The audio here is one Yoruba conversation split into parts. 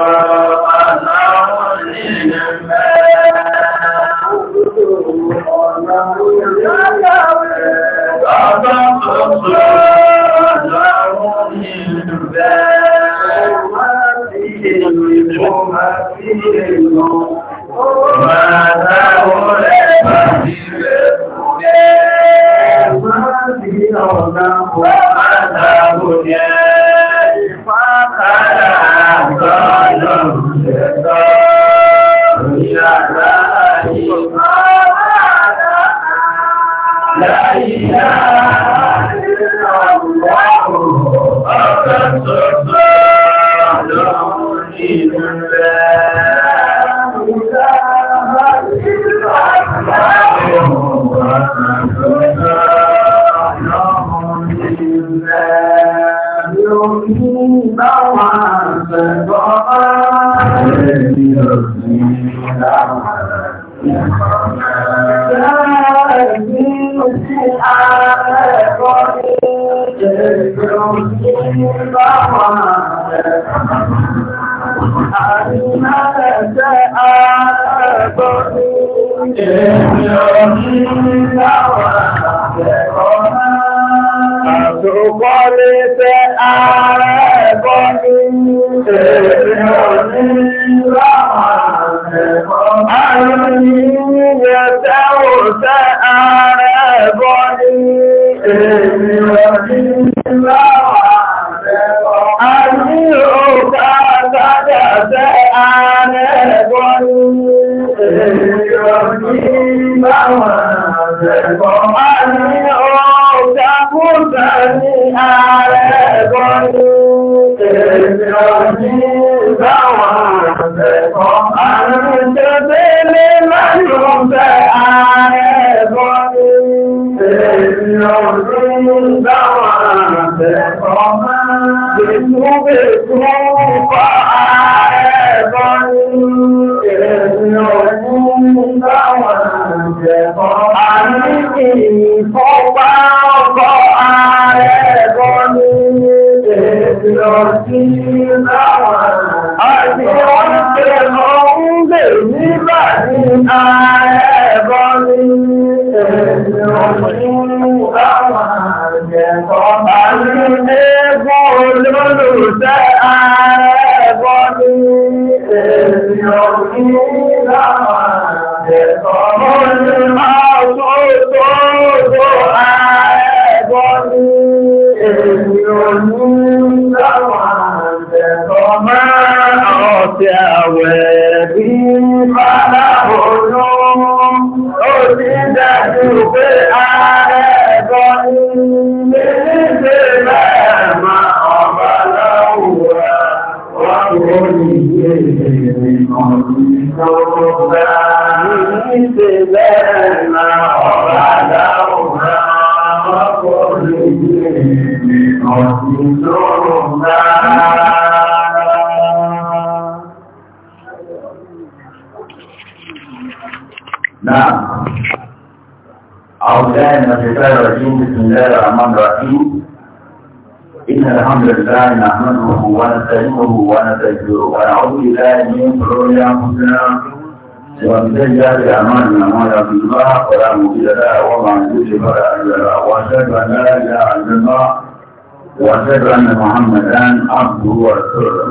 Oh, my Lord, in the القرآن olùsẹ́ ààrẹ́gbọ́ ní èèyàn ní láwọn àjẹ̀kọ́ mọ́lẹ̀. الله نحمده ونستعينه ونستغفره ونعوذ بالله من شرور انفسنا ومن سيئات اعمالنا ما يهدي الله فلا مضل له ومن يضلل فلا هادي له واشهد ان لا اله الا الله وأشهد أن محمدا عبده ورسوله صلى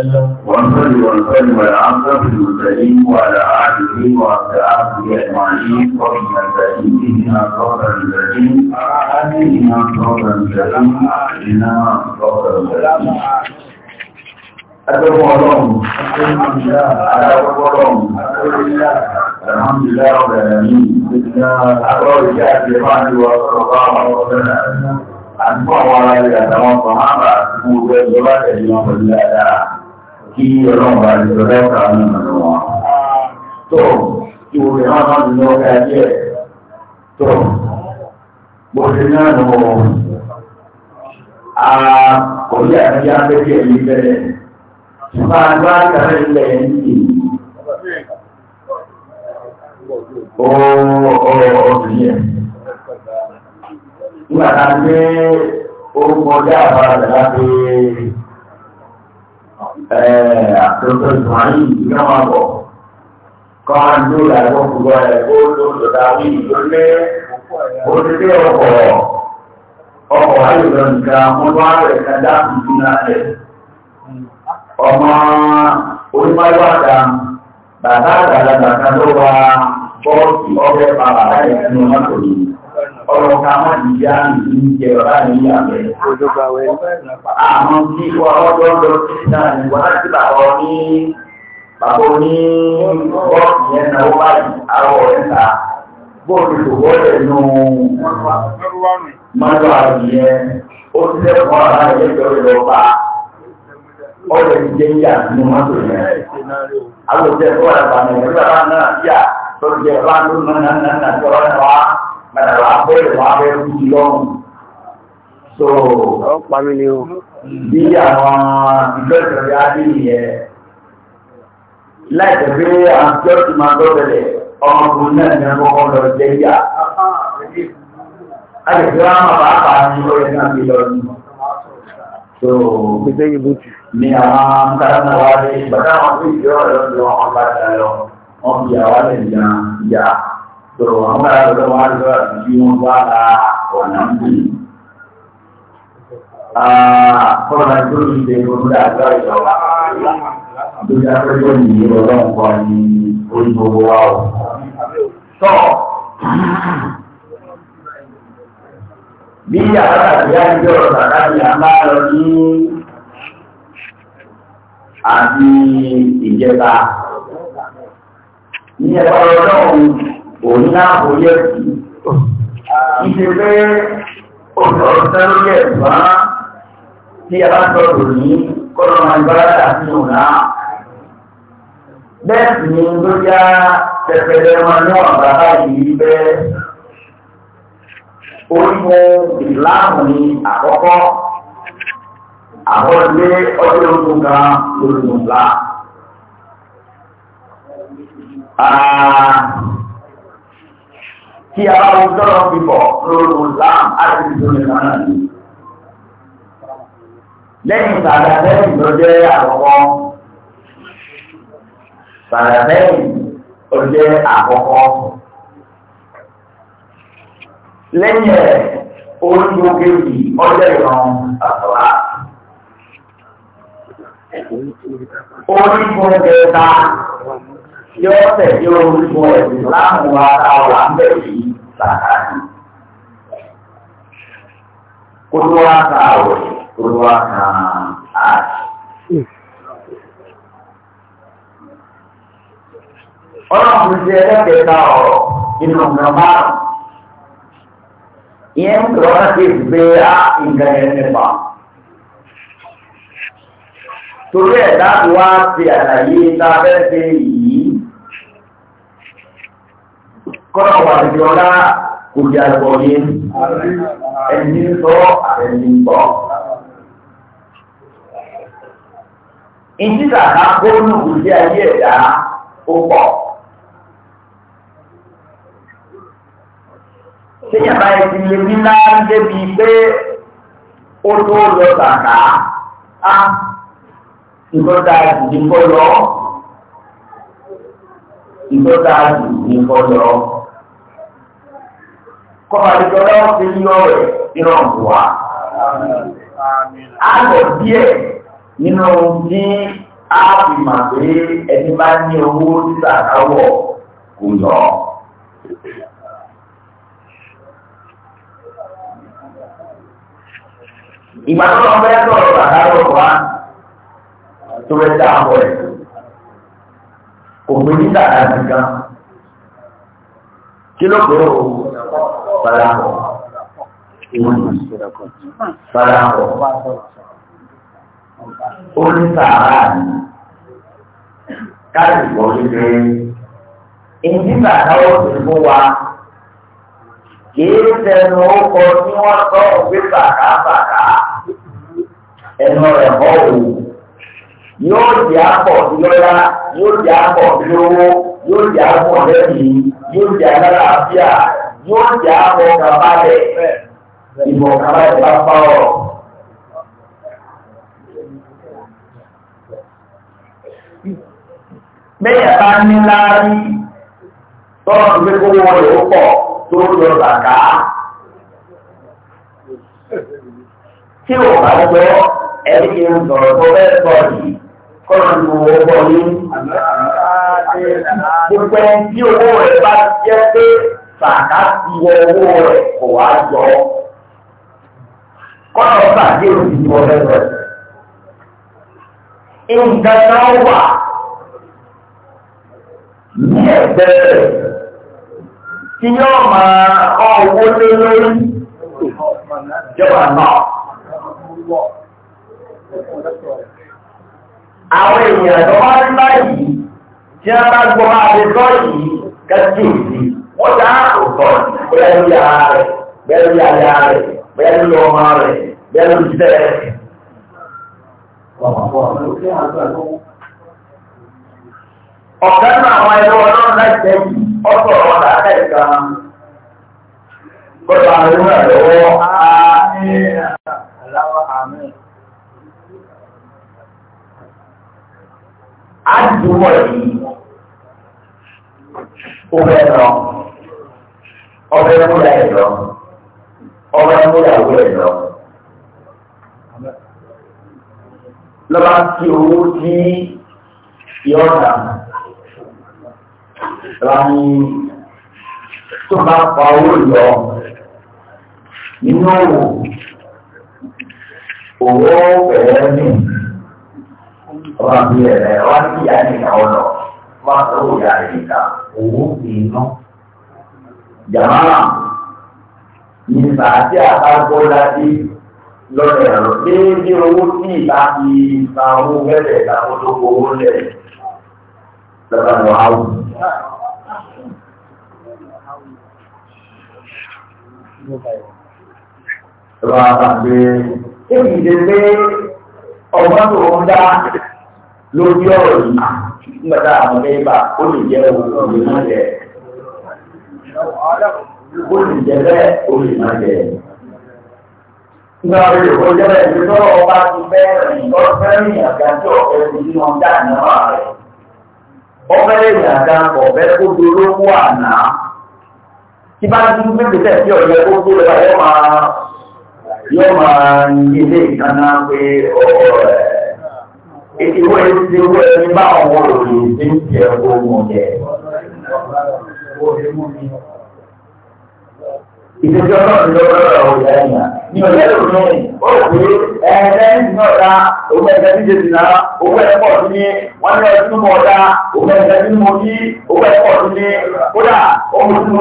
الله عليه وسلم على اشرف المرسلين وعلى آله وأصحابه أجمعين ومن التابعين إنما صوت المرسلين إنما صوت المرسلين إنما صوت المرسلين الحمد لله على الحمد لله الحمد لله رب العالمين الحمد لله رب العالمين، وصلى àdúgbò àwọn ará rẹ̀ àtàwọn kan máa bá àdúgbò ọgbẹ́ ìjọba tẹ̀lé wọn pẹ̀lú dáadáa kí ọlọ́run bá lè sọ lẹ́ka ní ìlú wọn. tó ìwò rẹ̀ máa máa dùn lọ́wọ́ ká díẹ̀ tó bó ṣe náà lọ a kò ní àtijọ́ afẹ́fẹ́ ẹ̀mí bẹ́ẹ̀ ṣùgbọ́n àgbà àtàrà ilẹ̀ yìí ó ó ó ó sì yẹ nígbà tá a gbé orúkọ ọjà àbára láti àtúntò ìsúnmáyì ìgbà máa bọ̀ kọ́ máa ń dúró láti wọ́n fúnbọ́ ẹ̀ kó tó lọ́dà wí ló lé ó ti dé ọkọ̀ ọkọ̀ ayélujára nìkan wọ́n wá rẹ̀ ká dáàbò sí náà rẹ̀ ọmọ onímọ̀lúwà kan bàbá àgbàlagbà kan ló wá bọ́ọ̀sì ọbẹ̀ pàpà láyé ẹnu mọ́tò yìí ọ̀rọ̀ ká má ti yá ní ìjẹ ọ̀rá ní ìyàwó ẹ̀. Àmọ́ kí wọ́n ọjọ́ lọ sí náà ní wọ́n láti bàbá ọ ní bàbá ọ ní bọ́ọ̀sì yẹn náà ó báyìí àwọ̀ rẹ̀ ta bóòlù tó wọ́lẹ̀ nù mọ́tò àdìyẹ ó ti lẹ́kọ̀ọ́ ara rẹ̀ lọ́wọ́ lọ bá ọ̀rẹ́ ti jẹ́ yíyà Àwọn òṣèlú ọ̀rẹ́ bàbá náà tó jẹ́ bá padà wà bẹ́ẹ̀ wà bẹ́ẹ̀ kú lọ́rùn. so ọ pa mí ni o. bí àwọn ìjọ ìjọba adé nìyẹn láì tẹ̀lé àwọn ìjọ tí máa gbọ́ bẹ̀rẹ̀ ọmọkùnrin náà ní akọ́kọ́ lọ jẹ́ yá. a lè fi wọn máa bá a bá a ní orí náà fi lọ nù. so gbèsè yìí bùtù. ni àwọn káràmọ́ wa lè gbàdá wọn ọ̀rọ̀ lọ wọn bá dà lọ wọn fi àwọn lè yàn Suruh orang kaya bertemu harga, bingung kuala, warna Korban itu di dunia ada ya Allah. Dunia terjadi orang kami untuk wow. So, dia dia jual tadi amal ini adi ijazah. Ini kalau òun náà kò yẹ kí ìṣe pé ọ̀sẹ̀ ló yẹ ṣùgbọ́n tí a bá sọ̀rọ̀ ní kọ́nà máa ń bára àti òun náà bẹ́ẹ̀ sì ni ló yá pẹpẹlẹ wọn náà bàbá orígun ìlànà ní àkọ́kọ́ àwọn ilé ọdún ogun kan lórí nùgbà tí a bá wo sọ̀rọ̀ bíbọ̀ lóru lam àti ìdúró náà ni. lẹ́yìn sàdàtẹ́yìn ló jẹ́ àkọ́kọ́ sàdàtẹ́yìn ló jẹ́ àkọ́kọ́ lẹ́yìn ẹ̀ onígbòkèjì ọjọ́ ìran àtọ́lá. onígbòkèta yóò tẹ̀lé orúkọ ẹ̀sìn láàmú ara wà ń bẹ̀rẹ̀ yìí sàkàdì. Kó tó wá ka àwẹ̀, kó tó wá ka àṣì. Ọlọ́run ti ẹlẹ́kẹ̀ẹ́ta ọ̀rọ̀ nínú ọ̀nà márùn-ún. Ìyẹn ń lọ láti gbé á nǹkan yẹn nípa. Torí ẹ̀ láti wá ti àlàyé tá a fẹ́ ṣe yìí. kọ́nà wà ní ọlá kò yà gbọ́ yé ẹni sọ ẹni gbọ́. Ìjìdá ká gbóònù ìdí ayé ẹ̀dá ó pọ̀. Séyàn báyìí ti lè ní láti débi pé ó tó lọ sàkà á ìgbọ́ta ìdíkọ́ lọ. Ìgbọ́ta ìdíkọ́ lọ kọ́ba àdìjọ́lá ó ti yọ rẹ̀ ìrọ̀ wà. a lọ díẹ̀ nínú ní a fi mà pé ẹni bá ní owó títà káwọ̀ kò yọ. ìgbà tó lọ fẹ́ sọ̀rọ̀ àdáró wa tó fẹ́ dá àpọ̀ ẹ̀ kò pé nígbà láti gan kí ló pé o. Fàdákọ̀. Fàdákọ̀. Ó ní sàárà ní káàdì kò ní pé ìdí bàtà òfin fún wa kìí tẹnu ọkọ tí wọ́n tọ́ òfin bàtà bàtà ẹnu rẹ̀ bọ́ òun yóò di àpọ̀ lọ́la yóò di àpọ̀ lówó yóò di àpọ̀ lẹ́yìn yóò di alálàáfíà yóò jà ọkàbalẹ̀ ìmọ̀kàbalẹ̀ bá bá ọ. Bẹ́ẹ̀ bá ní láárí tọ́lá tó gbé kówó wọlé ó pọ̀ tó lọ bàtà. Tí ò bá gbọ́ ẹni kí n sọ̀rọ̀ tó bẹ́ẹ̀ sọ yìí kọ́nà ní owó bọ̀ ní. Gbogbo ẹni tí owó rẹ̀ bá jẹ́ pé sàkà ti wọ owó rẹ̀ kò wá jọ kọ́nà sàdé òsì wọ lẹ́nu ẹ̀ nǹkan náà wà ní ẹ̀gbẹ́ rẹ̀ tí yóò máa kọ́ owó lé lórí ìjọba náà. Àwọn èèyàn tó bá ń báyìí tí a bá gbọ́ àdékọ́ yìí kẹ́kì sí bẹ́ẹ̀ lórí ara rẹ̀ bẹ́ẹ̀ lórí aya rẹ̀ bẹ́ẹ̀ lórí ọmọ rẹ̀ bẹ́ẹ̀ lórí ìṣẹ́ rẹ̀. ọ̀kan náà àwọn ẹgbẹ́ ọlọ́run láti tẹ́ yìí ọ̀sọ̀ ọ̀rọ̀ láti ẹ̀ka gbọ́dọ̀ àwọn ẹgbẹ́ lọ́wọ́. Adúgbò yìí, ó fẹ́ lọ ọbẹ̀ múra ẹ̀ lọ ọbẹ̀ múra ìwé ẹ̀ lọ. lọ́ba ti owó sí yọ̀ọ̀dà rani tó bá pa owó yọ nínú òwò owó bẹ̀rẹ̀ ní ọba bí ẹ̀rẹ̀ wá sí àyíká ọ̀nà wá sọ́wọ́ ìyá rẹ̀ níta owó ìná jàmáà ìgbà tí a bá gbọ́ dájú lọ́dọ̀ ẹ̀rọ déédéé owó tí ìta fi ta owó bẹ́ẹ̀ ìtàkùn tó kọ owó lẹ̀ lọ́dọ̀ ẹ̀rọ áwù. Ìwà àgbàgbé èyí ti pé ọgbọ́n tó ń dá lórí ọ̀rọ̀ yìí nígbà tá àwọn mẹ́fà ó lè jẹ́ owó ìgbìmọ̀ jẹ́ ó sì jẹ bẹ́ẹ̀ ó sì máa jẹ. Nígbà wo lè kó jẹ́ bẹ́ẹ̀ tó lọ́wọ́ bá ti bẹ́ẹ̀rẹ̀ ìtọ́ fẹ́rìn àgájọ ọ̀fẹ́ ti ní wọn dá ìnáwó rẹ̀. Ọ̀fẹ́ lẹ́yìn àga ọ̀fẹ́ tó dolówó àná. Tí bá ti ń pèsè tẹ̀sí ọ̀yẹ́ tó tó lọ́wọ́ yóò máa yóò máa ilé ìdáná pé ọ̀rọ̀ rẹ̀. Ètò ìwé ti wé ní báwọn olùdíje ohun ọ̀jẹ̀ ìdíjọ́ náà ti lọ́wọ́ lọ́wọ́ ọ̀hún ìyá ìyá ní ọ̀yẹ́ ló ní ó pé ẹ̀ẹ́dẹ́ nínú ọ̀dà òun ẹ̀ẹ́dẹ́ tí jẹ́ ìlà owó ẹ̀pọ̀ sí ní wọ́n ní ọdún mọ̀ ọ̀dà òun ẹ̀ẹ́dẹ́ tí mo ní owó ẹ̀pọ̀ sí ní kódà ohun tí mo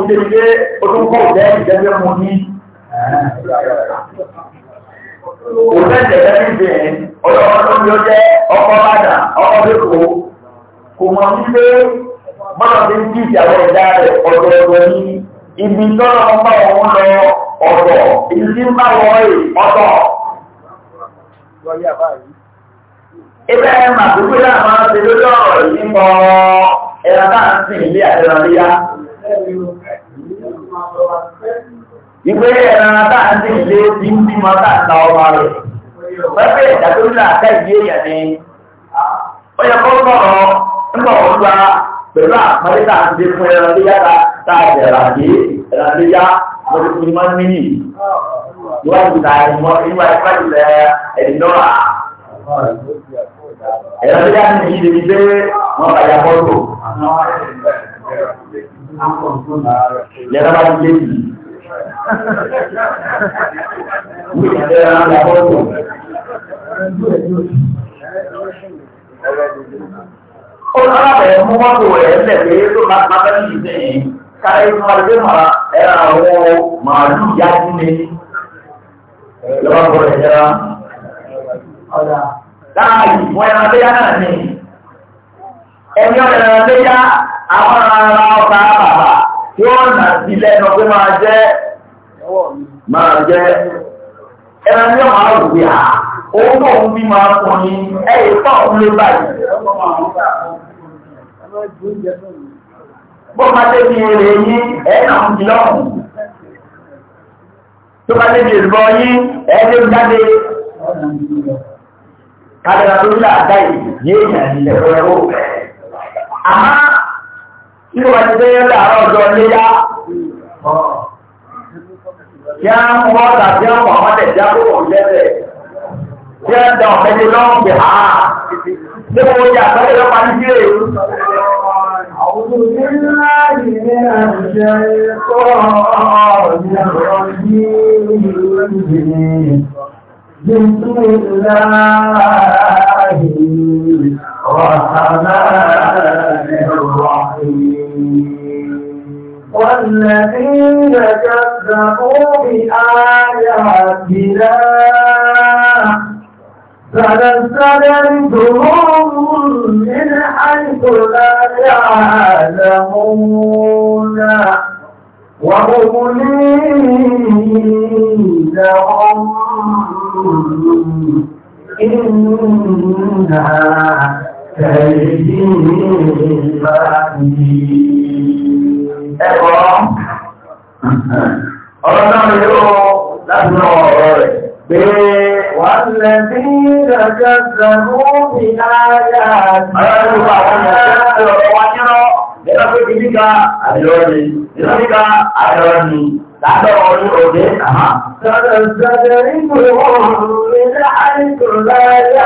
ṣe máa fi ń kíjì àwọn ẹ̀dá rẹ̀ ọ̀dọ̀ ọ̀dọ̀ ní ibi tọ́lọ̀ ń bá wọn lọ ọ̀dọ̀ ibi tí ń bá wọn rè ọ̀dọ̀. Ibẹ̀ màdúgbò náà máa ń ṣe lórí ọ̀rọ̀ yìí mọ́ ẹ̀rọ náà ń sìn ilé àtẹ̀rọ̀lẹ́yà. Ìgbé ẹ̀rọ náà ń sìn ilé tí ń bímọ náà ta ọmọ rẹ̀. Pẹ́pẹ́ ìdádórí náà ká ìdí èèyàn ni. Ó yẹ kó sọ̀rọ̀ nígbà òun gba pẹ̀lú àpẹẹrẹ tá a ti fún ẹran tak tá a jẹ ìrànlé ẹran léyà lọ́dún ní máa ń níyì níwájú ta ìmọ̀ níwá ìpàdé lẹ ẹ̀dín náà ẹran léyà ní ìyí débi pé wọ́n bá ya bọ́ọ̀lù lẹ́yìn ó lábẹ̀ mú mọ́tò rẹ̀ ńlẹ̀ pé ló bá bá bẹ́ẹ̀ yìí sẹ́yìn káyé fún wa lè mara ẹ̀rọ àwọn màálù yá sí mi lọ́wọ́ bọ̀ rẹ̀ yẹra ọ̀dà láàyè fún ẹran léyà náà ni ẹni ọ̀rẹ́ ẹran léyà àwọn ará ọ̀tá bàbà tí wọ́n nà sí lẹ́nu pé máa jẹ́ ẹran léyà máa wù yà á òun náà ń bí máa fún ní ẹ̀yẹ fáwọn ló báyìí. bó máa tẹ́ bí èrè yín ẹ̀ẹ́nà ń di lọ́rùn tó bá tẹ́ bí èrùbọ yín ẹ̀ẹ́dẹ́ ń jáde kádàrà tó nílà àdá yìí yéèyàn ilẹ̀ ẹ̀rọ àmá nínú wa ti tẹ́yẹ́ láàárọ̀ ọjọ́ kí á ń wọ́n tàbí ọ̀pọ̀ àwọn tẹ̀síá tó wọ̀ tí wọ́n da ọ̀fẹ́lẹ́ lọ́wọ́ pé á ṣé mo yà sọ́lẹ̀ lọ́pàá ní sí èrè. بسم الله الرحمن الرحيم والذين كذبوا بآياتنا فنستدرجهم من حيث لا يعلمون وأملي لهم إنا كيدي متين Ẹ̀kọ́ ọ̀rọ̀ náà yóò láti náà ọ̀rọ̀ rẹ̀ pé والذين كذبوا بآياتنا Nínú pé kìí níka àìrọ́ni, nínú níka àìrọ́ni, láàbẹ̀ orí òde àmà. Sọ̀rọ̀ sọ̀rọ̀ nínú òun ní láàrínkù láyà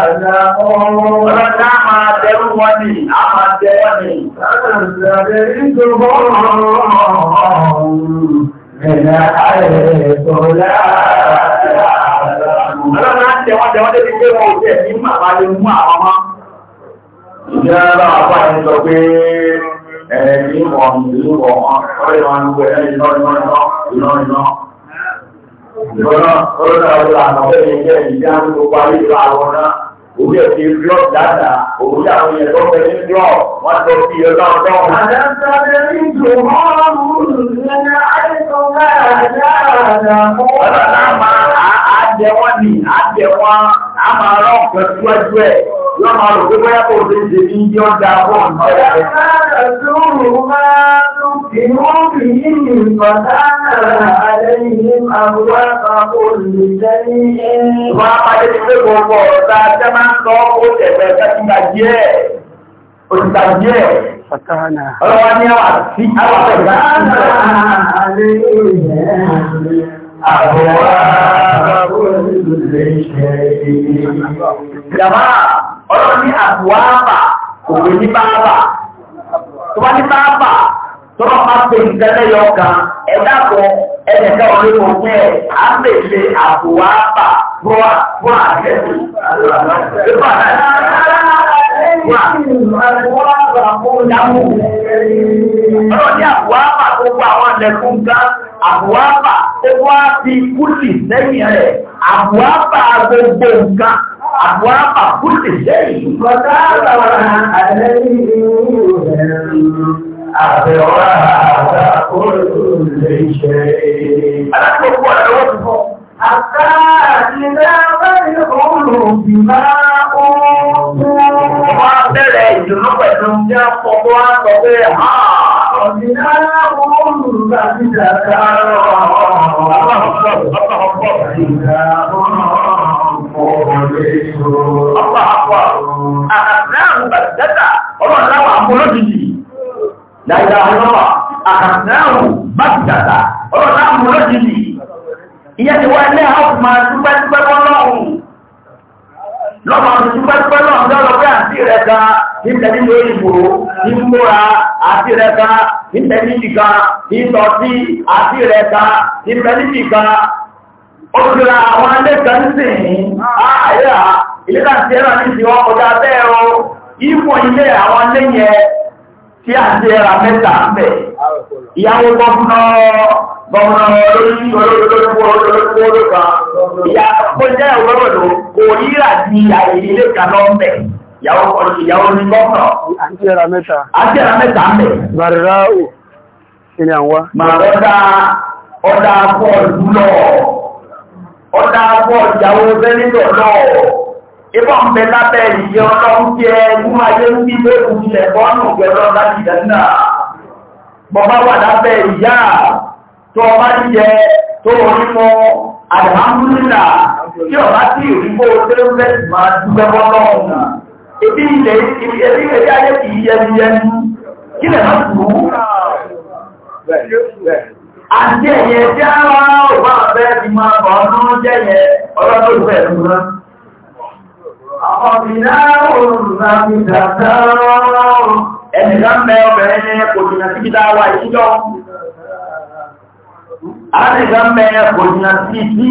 àdá ọmọ. Ọ̀rọ̀ náà máa tẹ̀rù wọn ni, a máa tẹ̀ wọn ni. Sọ̀rọ̀ sọ̀rọ̀ nínú òun ní láàrínkù láyà àdá ọmọ. Ọlọ́run àpá yìí sọ pé ẹni wọ̀n ìlú wọ̀n ọ̀rẹ́ wọn ń gbé iná iná iná iná iná. Ìgbọ́nà ọlọ́dà ọlọ́dà àtàwọn ẹni jẹ́ ìdí àwọn gbogbo ayé ìlú àwọn náà. Òbí ẹ̀ ti blọ́ dáadáa, òbí àwọn yẹn lọ́pẹ́ ní blọ́, wọ́n lọ sí ọjọ́ ọjọ́ wọn. Àdáńtàdé ní ìjòmọ́ ọ̀rùn jẹ wọ́n ni a jẹ wọ́n a máa rán ọ̀pẹ̀ síwájú ẹ̀ yọ́n máa rò pé bóyá kò tó ṣe ní yọ́ da bọ́ ọ̀nà ẹ̀. Wọ́n á pàdé ti pé gbogbo ọ̀tá tẹ́ máa ń sọ ó tẹ̀fẹ̀ tẹ́kùnà díẹ̀. Òṣìṣà àwọn àti àbúwá kúlù lè ṣe èyí. Jàmá ọlọ́run ní àbúwá bà kò pé ní bábà. Tó bá ní bábà tó bá máa pe nǹkan lẹ́yọ kan ẹ̀dá kan ẹnìkan ò lè mọ̀ pé ẹ̀ á lè Ọlọ́dí àbúwápà tó gba àwọn ẹ̀lẹ́kùn gan, àbúwápà tó wá fi kúlì sẹ́yìn rẹ̀, àbúwápà gbogbo nǹkan, àbúwápà kúlì sẹ́yìn. Kọ̀dá àwọn àlẹ́yìn àbẹ̀wá àbúrúlé ṣe. Alákòó pọ̀ lọ́wọ́ tó fọ́. Àkáàkiri náà bá ní ọ̀rùn bí máa ń kú wá bẹ̀rẹ̀ ìdùnnú pẹ̀lú ní ọkọ̀ tó wá sọ pé ọ̀dìnà oòrùn láti dàgbà Láyé àwọn àkàtàrù bá ti dàgbà, ọ̀rọ̀ láàmù lọ́jìlì. Ìyẹ́ ti wá ilé àwọn ọkùnrin máa dúpẹ́ dúpẹ́ wọ́n lọ́rùn. Lọ́pàá ti dúpẹ́ dúpẹ́ àti rẹ̀ kan nítẹ̀lí lórí ìgbòho ní múra àti rẹ̀ kan nítẹ̀lí nìkan ní tọ́sí àti rẹ̀ kan nítẹ̀lí nìkan òṣìlá àwọn alẹ́kàn sìn ààyà ìlẹ́kàn tí ẹ̀rọ ní ti wọ́n kọjá bẹ́ẹ̀ o ìfọ̀ ilé àwọn lẹ́yẹ tí a ti ẹ̀rà mẹ́ta ń bẹ̀ ìyàwó gọ́ọ̀nà gọ́ọ̀nà lórí olóògbòrò kan ìyàwó jẹ́ òwúrọ̀lò kò yíra di àyè ilé kan lọ́mbẹ̀ ìyàwó ìyàwó ní gọ́ọ̀nà. àti ẹ̀rà mẹ́ta. àti ẹ̀rà mẹ́ta ń bẹ̀. bàrẹ̀rà ò kí ni àwọn. màá ọ̀dà ọ̀dà bọ́ọ̀lù lọ ọ̀dà bọ́ọ̀lù ìyàwó bẹ́lẹ́dọ̀ lọ. ibọ̀ ń bẹ lábẹ́ ìyẹ́ ọlọ́run jẹ́ gúmáyé ń bí bẹ́ẹ̀ kù sílẹ̀ bọ́ọ̀nù gẹ̀rọ láti dẹ́nà. bọ́bá wà lábẹ́ ìyá tó ọba jíjẹ tó orí mọ́ àdàmúlùlà tí ọba tí ìrìnbó tẹ́lẹ̀ máa dúpẹ́ náà ibi ilẹ̀ ibi ilẹ̀ ayé kì í yẹmiyẹmi kí lè má tù ú. àti ẹ̀yẹ tí a wá ò bá fẹ́ fi máa bọ̀ ọ́nú jẹ́yẹ ọlọ́dún ìfẹ́ ìlú náà. Ọ̀bìnà òrùnà mi dàdá ẹnìkan mẹ obìnrin kò jìnà kò jìnà síbi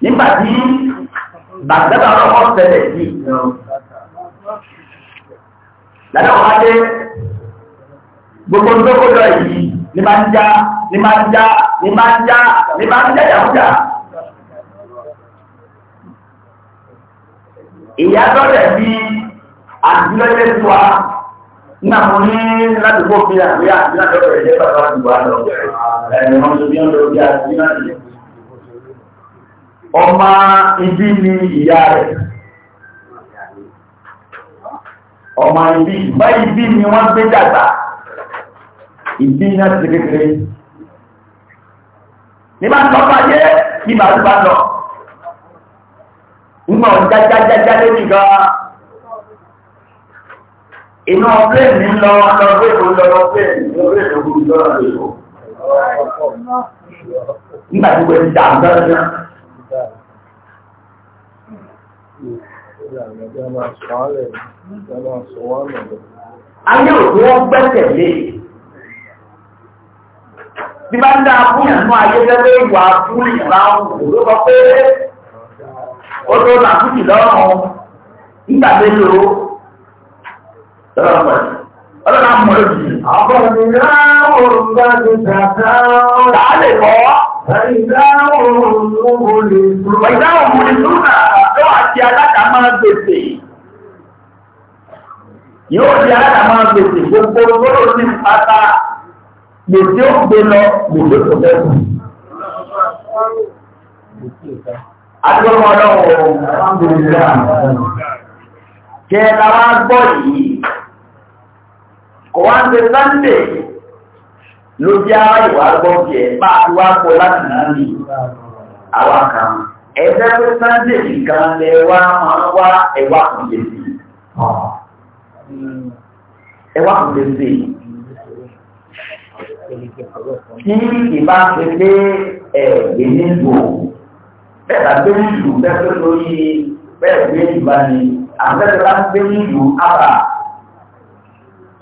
nígbà tí bàtẹ́bà ọkọ̀ tẹ̀lẹ̀ sí lẹ́yìn ọ̀gá dé gbogbo ń dókó lọ yìí ní máa ń já ní máa ń já ní máa ń já ní máa ń já yàwújà. ìyá tọ́lẹ̀ bíi àdúlọ́lẹ́sùwà. nígbà mo ní láti gbó fi àwé àti láti ọ̀rọ̀ ẹ̀jẹ̀ bàbá àdúgbò àlọ́ ẹ̀rọ ọmọ tó bí bí ibi ni ìyá rẹ̀ ọmọ ibi ìgbà ibi ni wọ́n gbé dàgbà ìbí náà ti kékeré nígbà tó bá Iná pléèmì lọ lọ gbèrò lọ pléèmì lọ gbèrò lọ gbèrò. Nígbà tí wọ́n ti dà ń bẹ́rẹ̀ náà. Ayé òkú wọ́n gbẹ́sẹ̀ lé. Bí bá ń dá fúnyàn náà ayé gẹ́gẹ́ ìwà fúnyàn láwọn òwúrọ̀ kọ́ pé ó tó làkújì lọ́rùn nígbà mélòó. Ọlọ́run àmọ́ ìjì. Àbọ̀dìlá òun bá ti ṣàtà ọ̀rọ̀. Tàá lè kọ́. Ìdá òun ló wọlé. Ìdá òun ló lúnà àtọ́ àti aládàmá gbèsè. Yóò di aládàmá gbèsè gbogbo gbọ́dọ̀ ní pátá. Gbèsè ó gbé lọ gbèsè tó bẹ́ẹ̀ kù. Adúgbò ọlọ́run. Kẹ́ẹ̀ la wá gbọ́ yìí kò wá ń ṣe sunday ló jẹ́ ara ìwà gbọ́n jẹ bá a ti wá kọ láti náà ní àwa kan ẹgbẹ́ pé sunday nìkan lẹ wá máa wá ẹwà kan lè sí ẹwà kan lè sí kí ìbá ṣe pé ẹ̀gbẹ́ nílò bẹ́ẹ̀ bá gbé nílò bẹ́ẹ̀ tó lórí bẹ́ẹ̀ gbé ìbá ni àbẹ́rẹ́ bá gbé nílò ábà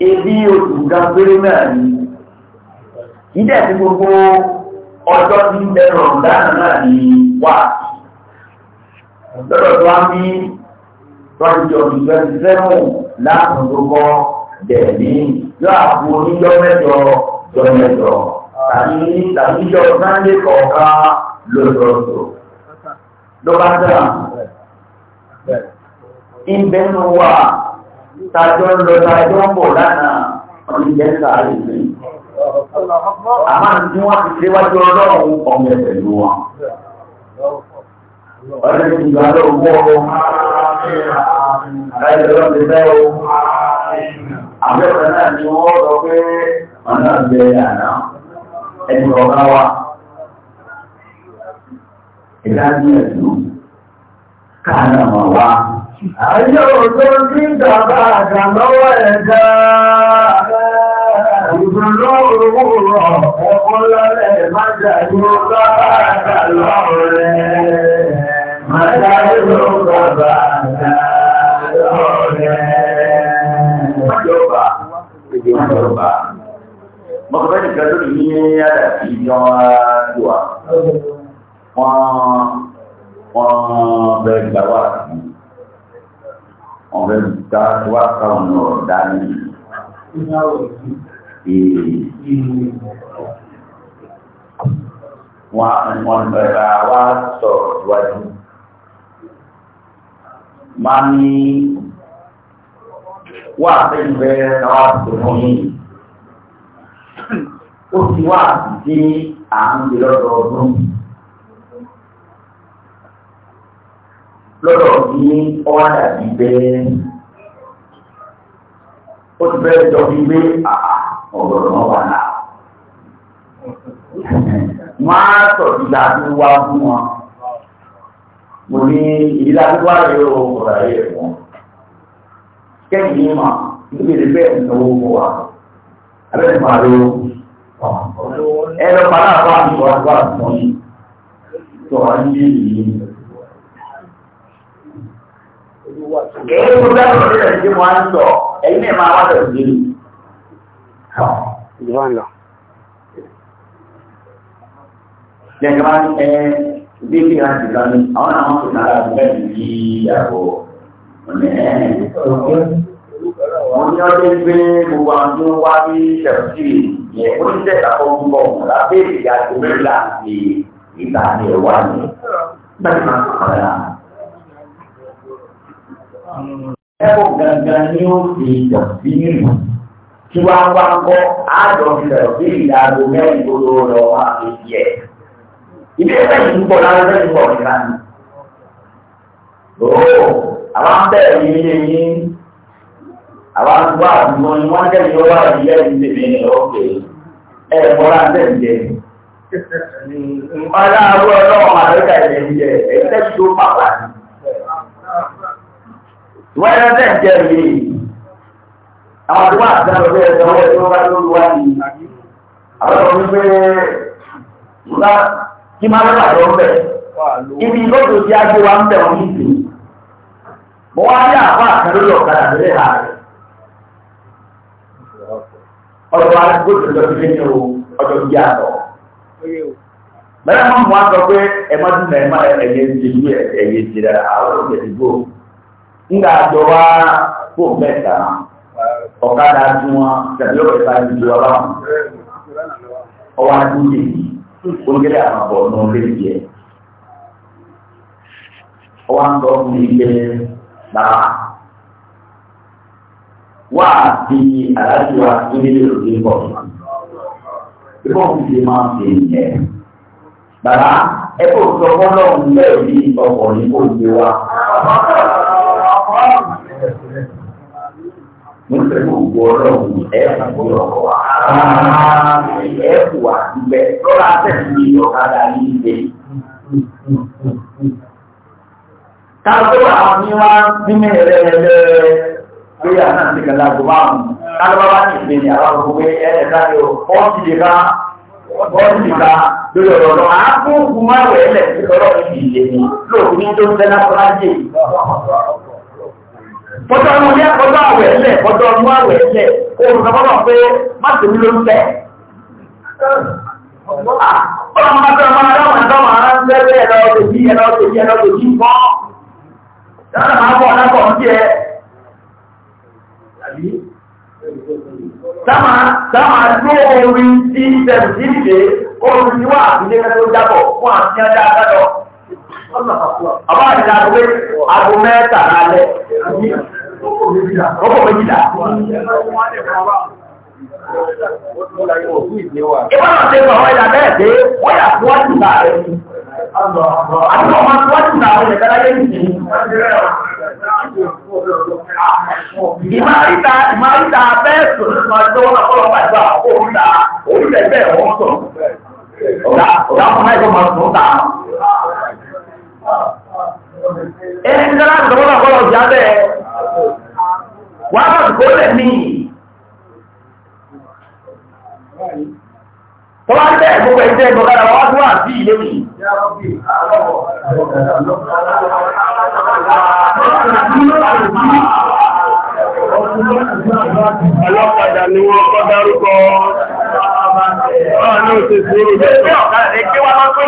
ebí oṣù ga péré náà ni ìdẹ̀ tí gbogbo ọjọ́ tí ń bẹ̀rẹ̀ ọ̀dáná náà ni wà lọ́dọ̀ tó á ní twenty twenty twenty seven láàrín tó kọ́ dẹ̀ẹ̀ní yóò àpò oníjọ́ mẹ́jọ jọ mẹ́jọ tàbí tàbí sáńdé kọ̀ọ̀kan lọ́sọ̀ọ̀sọ̀ ló bá tẹ̀lá ìbẹ́nu wà tajọ́ ń lọ tajọ́ ń bọ̀ lánàá ọdún jẹ́ sáré mi. Àmọ́ tí wọ́n ti ṣéwájú ọlọ́run ọmọ ẹ̀ pẹ̀lú wọn. Ọdún ti gbà lọ wọ́ ọ. Ayọ̀ ti bẹ́ o. Àbẹ́ ọ̀rẹ́ náà ni wọ́n sọ pé ọ̀nà bẹ àná. Ẹni ọ̀gá wa. Ìdájú ẹ̀dùn. Káà náà Ayé òjò ní ìjọba àjàlọ́wọ́ ẹ̀dá. Ìgbòrò òwúrọ̀ ẹ̀kọ́ lọ́lẹ̀ májà ní ọjọ́ àjàlọ́wọ́ rẹ̀. Májà ló bàbá àjàlọ́wọ́ rẹ̀. Ìjọba, ìjọba. Mọ̀kànlá nìkan lórí ní àdàbí ìjọba wà. Wọ́n bẹ̀rẹ̀ gbà wà ọ̀rẹ́ ta wá ká ọ̀nà ọ̀dá ní wọ́n bẹ̀rẹ̀ wá sọ ìwájú máa ní wà fẹ́fẹ́ náà tó fún yìí ó ti wá sí à lọ́dọọdún lọ́dọ̀ bí ọwá dàbí bẹ́ẹ̀ ó ti bẹ́ẹ̀ jọ bí gbé ọ̀gọ̀rọ̀ náà wà náà wọ́n á sọ ìgbà tó wá fún wọn mo ní ìdílé àdúgbò ààrẹ ọ̀rọ̀ ayé wọn kẹ́yìn mọ̀ níbi ìdílé bẹ́ẹ̀ náwó mọ́ wa abẹ́rẹ́ máa lo ẹ̀rọ pàdánù àti ìwà àti ìwà àti ìwà tó wà ìlú kèé kó dáhùn sí ẹ̀sìn tí wọ́n á ń sọ ẹ̀yin náà máa wá sọ̀rọ̀ ìdílé. ìjọba ń lọ. lẹ́yìn wá ní ẹ bí bí wọ́n ti lọ́ni àwọn náà wọ́n kò sára bẹ́ẹ̀ ní ìyàwó ọ̀nà ẹ̀ wọ́n ní ọdún gbé gbogbo àwọn tó wá ní ṣẹ̀fì yẹn ó ń tẹ̀ka fún bọ̀ lábẹ́ ìyàtọ̀ mẹ́ta ní ìgbà ní ẹ̀wà ní. bẹ́ẹ̀ ni wọ́n ti sọ̀rọ̀ ẹ̀kọ́ gangan ni ó fi ìdọ̀tí nìlú tí wá wá kọ́ àádọ́fẹ́ òbí ìyàgò mẹ́rin gbogbo rẹ̀ wá fi yẹ. ilé ẹgbẹ́ yìí ń bọ̀ lárúbẹ́ yìí bọ̀ nígbà ni. ooo àwọn abẹ́rẹ́ mi ní yín àwọn àgbà àdúgbò ni wọ́n jẹ́ ìlú wà ní ilé ìdílé ní òkè ẹ̀ bọ́lá tẹ̀lé. Mbala àwọn ọlọ́run àríkà ìdẹ̀yìn jẹ èyí tẹ́jú tó pàpà ní ìwọ ẹ̀rọ tẹ̀ ń jẹ́ mi àwọn àdúgbò àti àwọn ọ̀rẹ́ ẹ̀sọ́ ọ̀rẹ́ tó bá lóru wá ní àwọn ọ̀rọ̀ wípé ńlá kí máa lọ́wọ́ àjọ ńbẹ̀ ibi ìlọ́dọ̀ tí a gbé wa ń bẹ̀ wọ́n ní ìsìn mo wá ní àbá àkàrẹ́ lọ ọ̀kadà lórí ẹ̀hà rẹ̀ ọ̀rọ̀ àdúgbò tó lọ sí nínú ọjọ́ ìyá àtọ̀ mẹ́rin mọ́ mọ́ àtọ̀ pé ẹ̀mọ́dún ńgbà àjọ wá kó mẹ́ta ọ̀kadà tún wọn tẹ̀lé ọ̀rẹ́ báyìí ju wa báwọn ọwọ́ àdúgbò yìí ó ń gẹ́lẹ́ àwọn àbọ̀ ọ̀nà ọ̀rẹ́ yìí ẹ̀ ọwọ́ àtọ́ fún mi pé bàbá wà á fi aláàjì wa tó nílé òde pọ̀ ìbọn òfìsè máa ń fi ẹ̀ bàbá ẹ kò sọ fọ́nà òun bẹ́ẹ̀ ọkọ̀ ní kò gbé wa. nípa gbogbo ọlọ́run ẹ̀kú ọkọ̀ wa ẹ̀kú wa gbẹ lọ́la tẹ̀sí ọ̀kadà yìí gbé. Káàtó àwọn ní wá nínú ẹ̀rẹ́rẹ́ lórí àná ti kàlá gbogbo àwọn kálọ́bá bá ti gbé ní àwọn gbogbo ẹ̀rẹ́ láti ọ̀pọ̀ọ̀tì lè bá bọ́ọ̀lù ìgbà lórí ọ̀rọ̀ lọ àákùnkùn máa wẹ̀ ẹ̀lẹ̀ sí ọlọ́run ìdílé ni lóòrùn tó ń kọjọ́ ọmọ ní ẹ̀kọ́jọ́ àwẹ̀ ẹ̀lẹ̀ kọjọ́ ọmọ àwẹ̀ ẹ̀lẹ̀ olùsọ̀kọ́lọ̀ pé má ló ń tẹ̀. ọlọ́mọ bá tẹ́ ọmọ adáwọn ẹ̀dọ́mọ ara ń tẹ́ bẹ́ẹ̀ lọ sí yí ẹ̀lọ́ sí yí ẹ̀lọ́ sí yí fọ́. dáná máa bọ̀ lábọ̀ ń jẹ. dáná dáná ló orin tí tẹ̀síìdè orin tí wà á fi lé mẹ́tò jábọ̀ fún àti àbá àti àgbẹ̀ àgbo mẹ́ta lálẹ́ ọkọ̀ méjìlá. Ìwọ́n náà ṣe sọ̀rọ̀ ìlà bẹ́ẹ̀ dé, wọ́n yà fún wájú ìgbà rẹ̀. Àti ọmọ tí wájú ìgbà rẹ̀ lè dára lẹ́yìn sí. Ìmáríta ìmáríta bẹ́ẹ̀ sọ̀rọ̀ sọ̀rọ̀ tó wọ́n náà kọ́lọ́ pàdé àkókò oríta orílẹ̀ bẹ́ẹ̀ wọ́n sọ̀rọ̀. Ọ̀gá ọ̀gá ọmọ náà ìfọ̀mọ̀ sọ̀rọ̀ ẹni tí sára ìdọ́gbọ́n náà kọ́lọ̀ ọ̀jà bẹ́ẹ̀ wàá bá kó lẹ̀ mí. Tọ́lá ń gbogbo ẹ̀jẹ̀ ìgbọ̀gára wá tó wà sí ilé Ọlọ́pàá ni wọ́n kọ́ dárúkọ. Ọ̀nà òṣèṣe orí Ẹgbẹ́ ọ̀gá rẹ̀ gbé wá lọ́pẹ́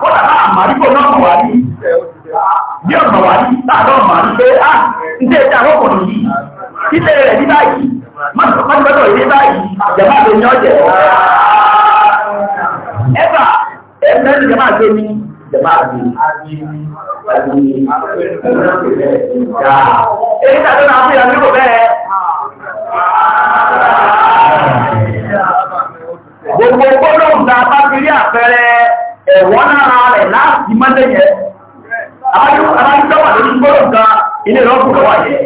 Kọ́lá náà màrígbò náà mọ̀ wá ní bí ọ̀nà wá ní tààdọ̀ màrí pé á ah, ń tẹ́ ẹ̀ta àwọ́kùnrin yìí, títẹ̀ rẹ̀ ní báyìí, mọ́tìkọ́tìkọ́tọ̀ ilé báyìí, jẹ̀má ló ní ọjẹ̀. Ẹ̀bà, ẹ̀bà ní jẹ̀má gbé ní jẹ̀má gbé ní ẹ̀bà. Èyí tàbí máa fún ìyàwó bẹ́ẹ̀ gbogbo gbọ́dọ̀ ta bá fi rí àpẹẹrẹ ẹ̀wọ́n lára rẹ̀ láti mọ́lẹ́yẹ abájúkọ́wà lórí gbọ́dọ̀ ta ilé rọ́pù lọ́wà jẹ́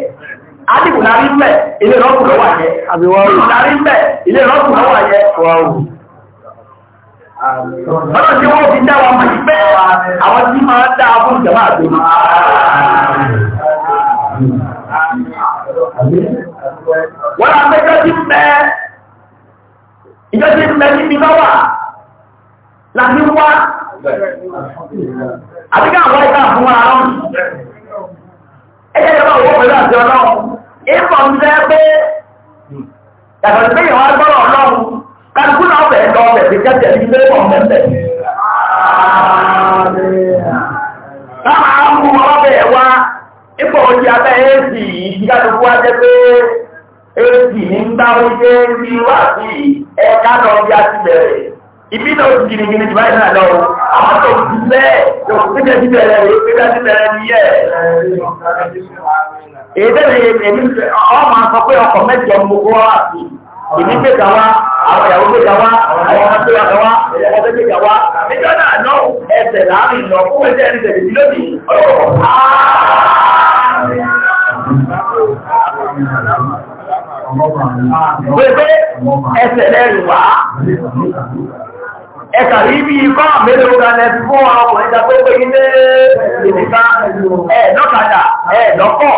adìbò lárí mẹ́ ilé rọ́pù lọ́wà jẹ́ adìbò lárí mẹ́ ilé rọ́pù lọ́wà jẹ́ ọ̀rọ̀ tí wọ́n fi dá wa mọ̀ ìpẹ́ àwọn tí máa dá fún ìjọba àti wọ́n á mẹ́jọ́ tí mẹ́ ìjọ tí ń bẹ níbi lọ́wà láti wá àti ká àwọn ìta fún wa rán ẹgbẹ́ ìjọba òwò pẹ̀lú àti ọlọ́run ìfọ̀ ń bẹ́ pé yàtọ̀ sí pé ìwà gbọ́rọ̀ ọlọ́run kálukú náà bẹ̀ lọ bẹ̀ sí kẹ́tẹ̀ ní pé pọ̀ mẹ́tẹ̀ láwọn àwọn ọmọ ọlọ́bẹ̀ wá ipò òjì abẹ́ èsì ìdíkàlùkù wá jẹ́ pé èsì ní ń bá wípé rí wá sí ẹ̀ka lọ bí a ti bẹ̀rẹ̀ ìbí náà ti gìrìgìrì jù báyìí náà lọ àwọn tó ti bẹ́ẹ̀ tó ti bẹ́ẹ̀ ti bẹ̀rẹ̀ rẹ̀ pé bá ti bẹ̀rẹ̀ ní yẹ. èdè rẹ̀ èmi ọmọ sọ pé ọkọ̀ mẹ́jọ ń gbogbo wá sí ìbí pé àwọn ìyàwó pé kà àwọn ọmọ pé kà wá pé pé níjọ́ náà náà ẹsẹ̀ láàrin lọ fún ẹsẹ̀ ẹni tẹ̀lé lónìí ọ̀rọ̀ Pépé ẹsẹ̀ lẹ́rìn wá. Ẹ̀kà rí bí ikọ́ mélòó kan lẹ́fi fún wa ọkùnrin ta pé pé ilé ìdìbá ẹ̀ lọ́kadà ẹ̀ lọ́kọ̀.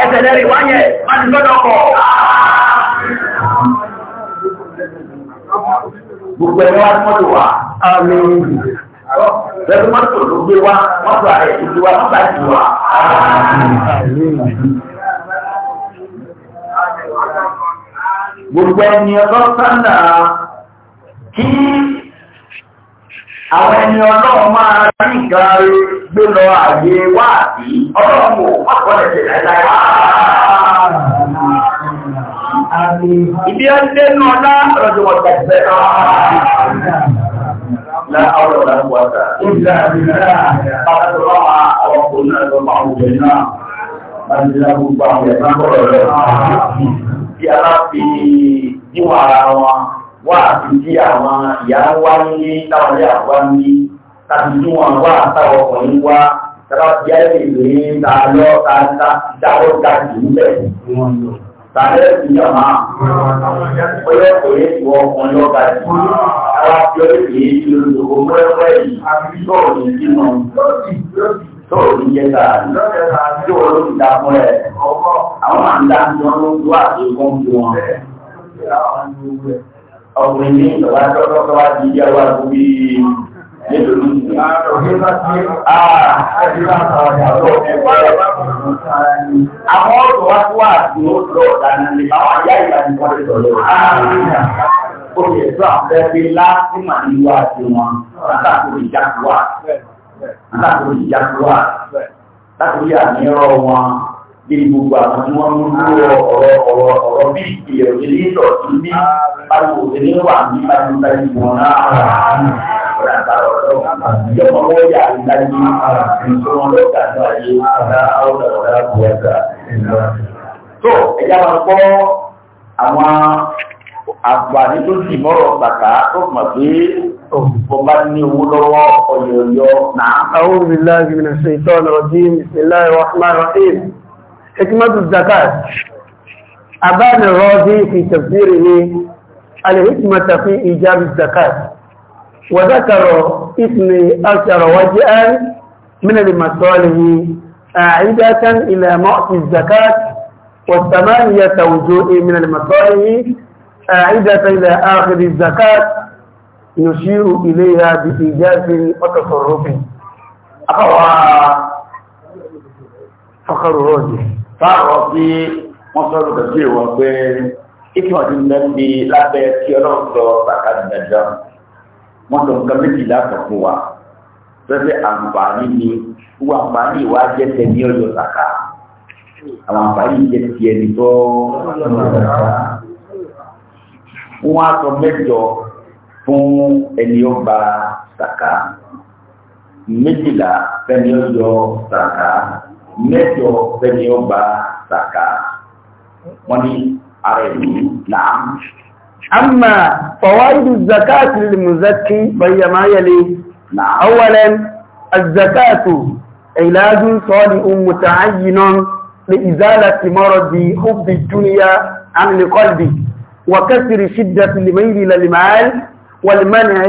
Ẹsẹ̀ lẹ́rìn wá yẹn, má ti lọ́dọ̀ kọ̀. Gbogbo ẹ̀rọ wá mọ́tò wá. Bẹ́ẹ̀ni mọ́tò ló gbé wá, mọ́tò ààrẹ ìlú wa, mọ́tò àti wa. gbogbo ẹni ọlọ́run sánà kí àwọn ẹni ọlọ́run máa rí ìgbà gbé lọ àyè wá sí ọlọ́run ò pàpọ̀lẹ̀ sí láìláì wá. Ibi ọdẹ náà tí a bá fi díwọ̀n ara wọn wá àti tí àwọn ìyá ń wá nílé táwọn ilé àwá nílé tàbí tí wọn wá àtàwọn ọkùnrin wá tàbá fi ayé ìwé ta lọ ta ta dáwọ́ ta jù ú tàbí ẹ̀sìn yàmá ọyọ́ ọ̀rẹ́ ìwọ ọkùnrin lọ́ga jù tàbá tó o ní jẹ ká lọ́jọ́ ká tí o ló ti da fún ẹ àwọn máa ń dá ní wọn ló wà ní fún ju wọn. ọkùnrin ní ìjọba tọ́tọ́ tó wá di ilé ah, ah, wa kú bí nílò ní ìlú. àwọn ọ̀dọ́ wa tó wà ní ó lọ ọ̀dàna ní báwọn ayé àyíká ní wọ́n lè sọ̀rọ̀. Oṣù ẹ̀dọ́ àwọn ẹgbẹ́ lásìmọ̀ ní wá sí wọn, látàkùn ìjà wà látòrí ìyàtúwà látòrí àmìíràn wọn bí gbogbo àwọn tí wọ́n mú lúrọ ọ̀rọ̀ ọ̀rọ̀ ọ̀rọ̀ bí ìpìlẹ̀ òṣèlú ìtọ̀ tí bí pariwo òṣèlú wà ní pariwo ìwọ̀n náà ara àánú ọ̀rọ̀ àtàrà ọ̀rọ̀ ìjọba wọ́n yà á dájú nítorí ní ayé àǹfààní tó sì mọ́rọ̀ kàkà tó mọ̀ pé ọba ní owó lọ́wọ́ ọ̀yọ̀yọ̀ náà. A'udhu billahi minash shaitanir rajim, bismillahir rahmanir rahim. Hikmatu zakat. Aban ar-Razi fi tafsirihi al-hikmata fi ijab az-zakat. Wa dhakara ithna ashara wajhan min al-masalih أعدة إلى آخر الزكاة يشير إليها بإيجاز وتصرف أقوى فخر روجه فأقوى في مصر تسير وقال ìkíwọ̀n ti lẹ́ bí lábẹ́ tí ọlọ́run sọ bàkà dàdà wọ́n sọ nǹkan méjì látọ̀ fún wa lọ́sẹ̀ àǹfààní ni wọ́n àǹfààní ìwà jẹ́ tẹ̀mí ọ̀yọ́ sàkà àwọn àǹfààní jẹ́ tiẹ̀ nìtọ́ ọ̀yọ́ sàkà wọ́n á sọ mẹ́jọ fún ẹni ọgbà sàkà méjìlá fẹ́ni ọjọ́ sàkà mẹ́jọ fẹ́ni ọgbà sàkà wọ́n ní ara ìlú náà. أما فوائد الزكاة للمزكي فهي ما يلي أولا الزكاة علاج صالح متعين لإزالة مرض حب الدنيا عن القلب وكسر شدة الميل إلى المال والمنع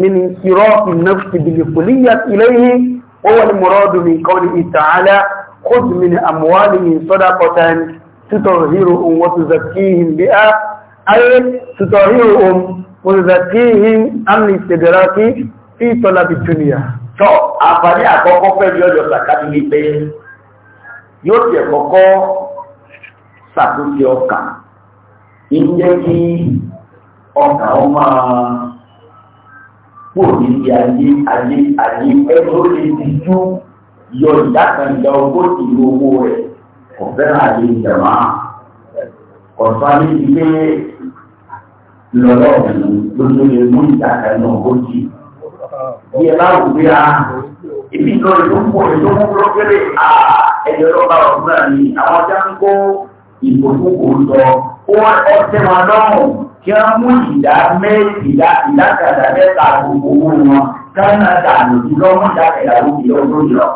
من انصراف النفس بالكلية إليه وهو المراد من قوله تعالى خذ من أموالهم صدقة تطهرهم وتزكيهم بها أي تطهرهم وتزكيهم عن الاستدراك في طلب الدنيا. tọ́ àǹfààní àkọ́kọ́ pẹ̀lú ọjọ́ sàkádì ní pé yóò tẹ̀ kọ́kọ́ ṣàtúnṣe ìjẹ́ kí ọkà ó máa pò níbi ayé ayé ayé ẹgbẹ́ ó lè ti tú yọ ìdá kan ìdá ogójì owó rẹ̀ kò fẹ́ràn ayé ìjàmá kọ̀ọ̀tún ayé ti pé lọ́lọ́ lójú lè mú ìdá kan náà ogójì bí ẹ bá wù bí a ibi ìlọ ìdókòwò ìdókòwò lókèrè ẹ̀yọ́ lọ́ba ọ̀gbọ́n ni àwọn jáńkó ìbòkúkò lọ wọ́n ẹ̀sẹ̀ wọn lọ́rùn kí wọ́n mú ìdá méjì ìdákàdà mẹ́ta gbogbo owó wọn kánádà lòdì lọ́mú ìdákàdà lòdì ọdún yọ.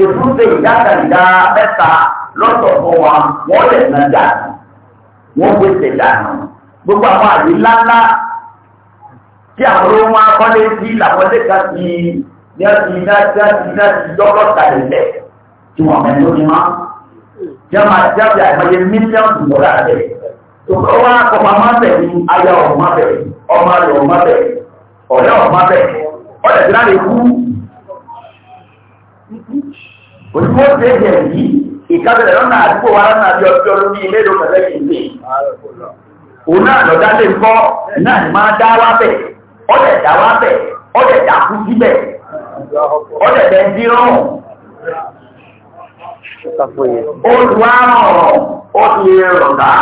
èfúnṣe ìdákàdà mẹ́ta lọ́tọ̀ fún wa wọ́n lè nà dànù wọ́n gbèsè dànù gbogbo àwọn àlè ńláńlá tí àwọn olówó akọ́lé sí làwọn lẹ́ka ti ní ọ̀sìn iná tí wọ́n ti tí wọ́n mẹ́rin ló ní jáma jáde àìmọye mílíọ̀nù wọ̀lá rẹ̀ tòkọ́ wá kọ́mọ má bẹ̀ ní aya ọ̀hún má bẹ̀ ọmọ rẹ̀ ọ̀hún má bẹ̀ ọ̀rẹ́ ọ̀hún má bẹ̀ o ìdílá rẹ̀ kú. òṣìwọ́ ṣe jẹ̀ yìí ìkábẹ̀rẹ̀ lọ́nà àdúgbò wa lọ́nà àbí ọjọ́ lórí ilé ìlú pẹ̀lẹ́ yìí lè. òun náà lọ́dá lè kọ́ náà ni máa dá wá bẹ̀ ọ̀rẹ́ dá wá bẹ̀ ọ̀rẹ́ dá kú síbẹ̀ ọ̀rẹ́ bẹ̀ ń dín rọrùn ó ti wá rọrùn ó ti rọ̀dá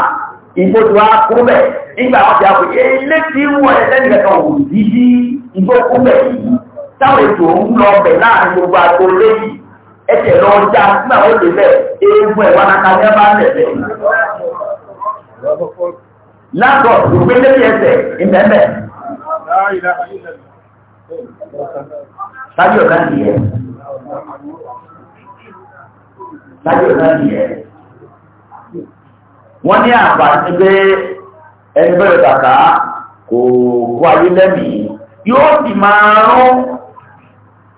ìgbó ti wá kúrúbẹ̀ nígbà wọ́n ti á pè ilé tí wọ́n ẹlẹ́nìkẹta ò dí sí ìgbó kúrúbẹ̀ yìí táwọn ètò ń lọ bẹ̀ láàrin gbogbo àgbo léyìí ẹ̀jẹ̀ lọ já nígbà ó lè bẹ̀ eégún ẹ̀wà náà ní ẹ̀bá lẹ̀ bẹ̀. látọ̀ lẹ́yìn ẹsẹ̀ ìmẹ́mẹ́. sáyọ̀ láti yẹ láyé náà nìyẹn. wọ́n ní àǹfààní pé ẹni bẹ̀rẹ̀ kàkà kò kó ayé lẹ́mìí yóò sì máa rún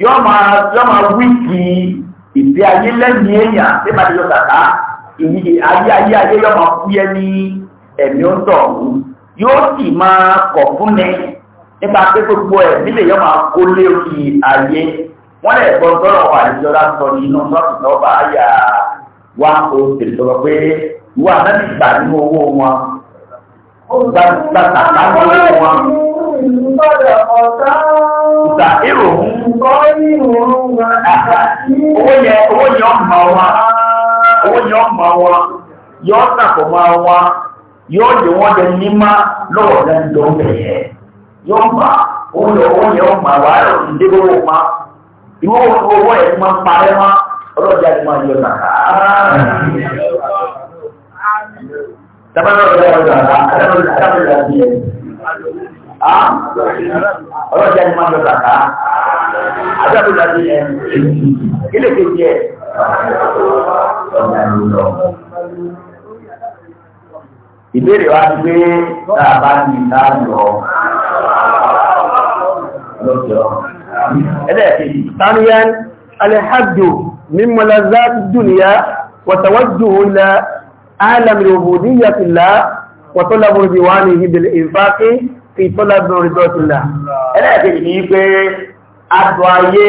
yóò máa yóò máa wí kì í ìgbé ayé lẹ́mìí èèyàn tí màá yọ kàkà ìyí ayé ayé ayé yóò máa fúyẹ́ ní ẹ̀mí ó ń tọ̀ ọ̀hún yóò sì máa kọ̀ fún ni nípa pé gbogbo ẹ̀ nílẹ̀ yóò máa kó lé orí ayé wọ́n lè gbọ́ tọ́lọ̀ wà níjọ́ lásọ ní inú nọ́ọ̀sì lọ́ba àyà wá o tèrè sọ̀rọ̀ pé ìwà náà ti gbà nínú owó wọn gbàgbà nínú owó wọn. Ìgbà èrò owó yẹ owó yẹ ọmọ owó yẹ ọmọ wọn yọ sàkó mọ wọn yóò yẹ wọn jẹ nímá lọ́wọ́ lẹ́nu tó ń bẹ̀yẹ yọ mọ owó yẹ ọmọ wọn àrùn ìdíbò wọn ìwọ òkú owó ẹ̀ máa ń parẹ́ mọ́ ọlọ́jà ti máa yọ nàkà. Tábàlá ọ̀rọ̀ ọ̀rọ̀ ọ̀rọ̀ àtàbílà bí ẹ̀. Ọlọ́jà ti máa yọ nàkà. Àtàbílà bí ẹ̀. Kílè kejì Ìbéèrè wa ti gbé tá a bá ti ẹlẹ́ẹ̀kejì tániyàn alẹ́hàjò mímọ̀lẹ́zá dúnìyà wàtàwájú ilẹ̀ alàmì òbòdíyà tìlá wàtọ́lábọ̀ ìwà ní ìbìlẹ̀ ìfáàkì fi tọ́lábọ̀ ìdọ́tìlá ẹlẹ́ẹ̀kejì ní pé adọ ayé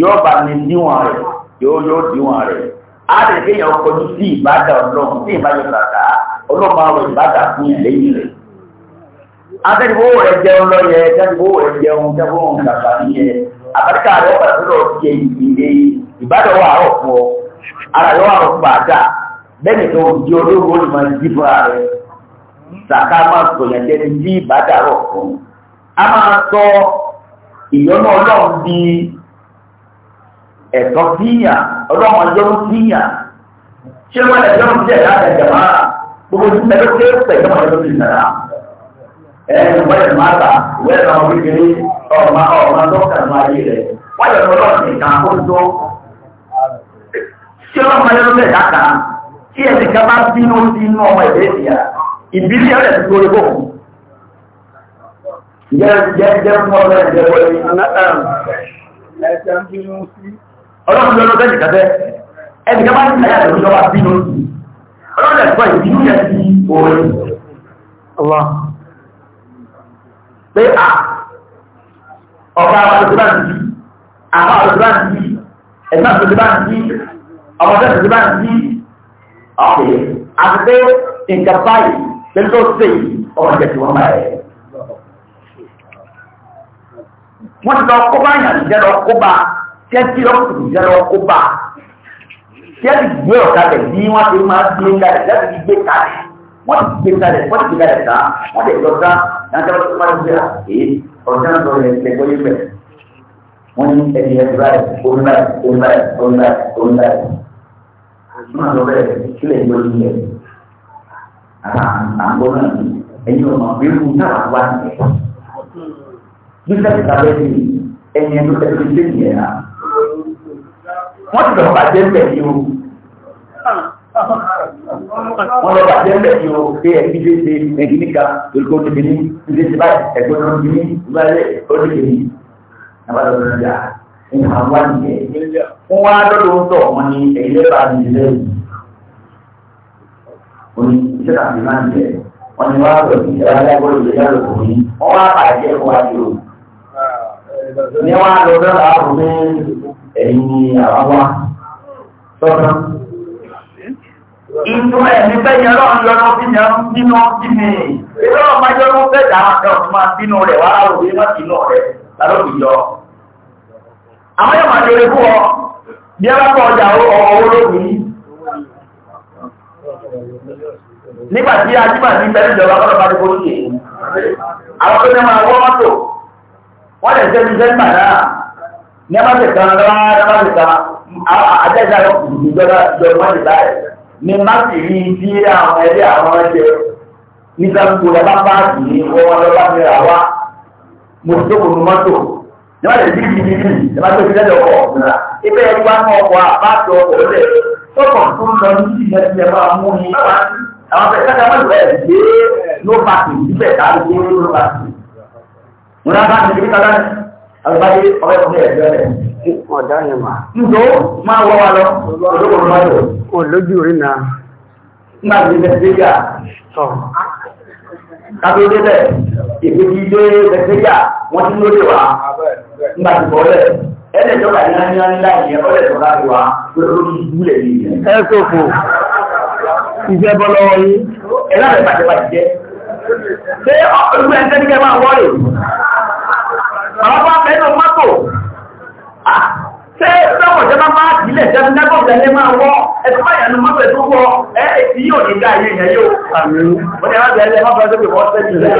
yóò bá ní níwọ̀n rẹ̀ yóò yóò díwọ̀n rẹ̀ á lè kéèyàn kọjú sí ìbádà ọlọ́run sí ìbádà ọlọ́run ọlọ́run àwọn ìbádà fún ìlẹ́yìn rẹ̀ Akẹ́dìbò rẹ̀ jẹun lọ yẹ, kẹ́dìbò rẹ̀ jẹun, kẹ́dìbò rẹ̀ kàkà ní yẹ. Àbáríkà rẹ̀ ọ̀pá tó lọ ṣe ìdílé ìbádọ̀ wà rọ̀ fún ọ. Ara rẹ̀ wà rọ̀ fún bàtà. Bẹ́ẹ̀ni tó di olóògbé olùmọ̀ ìdí fúnra rẹ̀. Sàká máa sọ̀yàn jẹ́ni tí ìbádà rọ̀ fún. A máa sọ ìyọ́nú ọlọ́run di ẹ̀tọ́ síyàn, ọlọ́run ọjọ́rú síyàn. Ṣé wọ́n lè jọ́rú sí ẹ̀dá àtẹ̀jẹ̀ máa? Gbogbo ìdúpẹ́ ló ké pẹ̀lú ọ̀rẹ́ ẹ̀rù wẹ́ẹ̀ máa bà wẹ́ẹ̀ náà kékeré ọ̀ma ọ̀ma tó kà máa yé rẹ̀ wọ́n yẹ kó lọ́ọ̀sì kan ó tó. tí ọlọ́mọ yẹn ló bẹ̀ dáka tí ẹ̀sìn kan bá bínú sí inú ọmọ ìdè ìyá ìbílí ẹ̀rẹ̀ ti gbóre bò. jẹ́ jẹ́ jẹ́ fún ọmọ ẹ̀jẹ̀ wọlé. ọlọ́run ló ló bẹ́ẹ̀ nìkan bẹ́ẹ̀ ẹ̀sìn kan bá ti náyà lórí ọba bínú sí ọlọ́run ẹ̀kọ́ ìbínú yẹn ti òwe pé à ọba àtòsíbá ń bí àbá àtòsíbá ń bí ẹ̀gbọ́n àtòsíbá ń bí ọmọdé àtòsíbá ń bí ọ̀pẹ̀ àti pé nǹkan báyìí pẹ̀lú tó ṣe ọmọdé tí wọ́n máa rẹ̀. wọ́n ti lọ kó bá yàn jẹ́ lọ kó bá tí ẹ ti lọ kó jẹ́ lọ kó bá tí ẹ ti gbé ọ̀kadà bí wọ́n ti máa gbé kalẹ̀ tí ẹ ti gbé kalẹ̀ wọ́n ti gbé kalẹ̀ wọ́n ti gbé kalẹ̀ ta wọ́n ti lọ́ta n'àtàwọn tó máa ń gbé la èyí ọ̀sẹ̀ náà lọ́ọ́ yẹn lẹ́gbọ́ yẹn bẹ̀. wọ́n ní ẹni ẹ̀ báyìí òun báyìí òun báyìí òun báyìí òun báyìí. àtúnwà lọ bẹ́ẹ̀ kílẹ̀ ń lórí yẹn. àgbọ̀ náà ni ẹ̀yin ọ̀nà irú náà wà nìyẹn. bí sẹ́yìn tàbẹ́ ni ẹ̀yin ẹ̀dọ́ ẹ̀dọ́ ìṣèjì yẹn náà. wọ́n ti dọ̀ wọ́n lọ bàjẹ́ ńlẹ̀ yìí o pé ẹbí lè ṣe ẹ̀kí níka olùkọ́ òdìbò ní ilé ṣe báyìí ẹ̀gbọ́n náà ní ìgbàlẹ̀ òdìbò ní abalọ̀ ní ìyá ní àwọn àníyẹ. wọ́n wá lọ́dọ̀ ń tọ̀ wọ́n ní ẹ̀yìn lẹ́bà ní ilé yìí. wọ́n ní iṣẹ́ tàbí máa ń jẹ wọ́n ní wọ́n á lọ sí ìjọba alágbọ́dọ̀ ìlú yàrá òkùnrin wọ́n wá bàjẹ́ wọ́n á lọ. ní wọ́n á lọ ìtumọ̀ ẹ̀mí bẹ́yìn ọlọ́run yọrọ bínú bínú bínú ìrọ̀rùn máa yọrọ bẹ́ẹ̀dá àwọn ọmọ bínú rẹ̀ wá òwe má bínú rẹ̀ lálọ́bì yọ. àwọn yóò máa ọ bí ẹ bá kọ ọjà ọwọ́ nígbà tí ní ìjọba bá ti kó lóye. àwọn tó ní máa wọ́ mọ́tò wọ́n lè ní máàkì yìí tí àwọn ẹgbẹ́ àwọn ẹgbẹ́ ní sáńkó ẹ bá máàkì yìí wọ́n wọn lọ́wọ́ mi rà wá mo tó kò mọ́ tó ní wọ́n lè bí ibi ibi ní wọ́n tó fi lẹ́dọ̀ ọkọ̀ ọ̀gbìnrin ibẹ̀ ẹ̀ wá mọ́ ọkọ̀ àbájọ ọkọ̀ rẹ̀ tọkọ̀ tó lọ ní ìdílé ti ẹ̀ mú ni àwọn bẹ̀rẹ̀ kájà lọ ẹ̀ gbé ló bá bá tì. mo alùpàdé ọbẹ̀ kọ́mí ẹ̀jọ́ rẹ̀. máa wọ wa lọ olóko máa lò. o lójú orí na. nígbà tí bẹ̀tẹ̀ríà. sọ. kátó bọ̀ lẹ̀ bàbá bá bẹ́ẹ̀ lọ mọ́tò ṣé lọ́kọ̀ọ́jẹ́ bá máa kì í lẹ̀ jẹ́ nẹ́gbọ̀gbẹ́ lé máa wọ́ ẹ̀sùn báyà ní mọ́tò ẹ̀sùn wọ́ ẹ̀ èsì yóò ní ga ayé ìyẹn yóò wọ́n ti rájọ ẹlẹ́ mọ́tò ẹ̀sùn wọ́n ṣẹ́ ti rẹ̀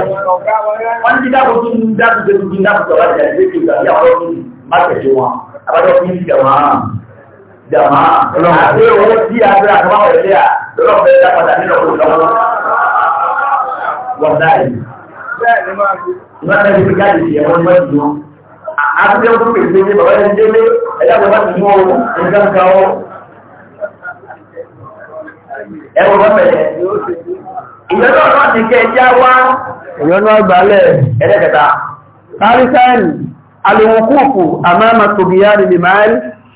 wọ́n ti dáàbò tún dáàbò tún tún dáàbò tún láti ẹ̀sìn tó gbà bí àwọn ọdún má tẹ̀lé wọn abájọ́ fún jàmá jàmá àti owó tí a bẹ̀rẹ̀ àti máa wọlé à lọ́rọ̀ bẹ́ẹ̀ dápadà nínú ọ̀pọ̀lọpọ̀ ìwádìí ẹni tó jáde sí ẹ̀wọ̀n mọ́ ìlú wọn. àbúlé ọdún pèsè ní bàbá ẹni délé ẹ̀yà bàbá ti mú ọrùn nǹkan kan ọ. ẹ̀wọ̀n bá bẹ̀rẹ̀. ìyọnu ọ̀nà ti kẹ́ ẹjá wá. ìyọnu àgbálẹ̀. ẹlẹ́kẹta. kárísẹ́ẹ̀nì alùwùkúùkù àmàmà tòbíyàní lè máa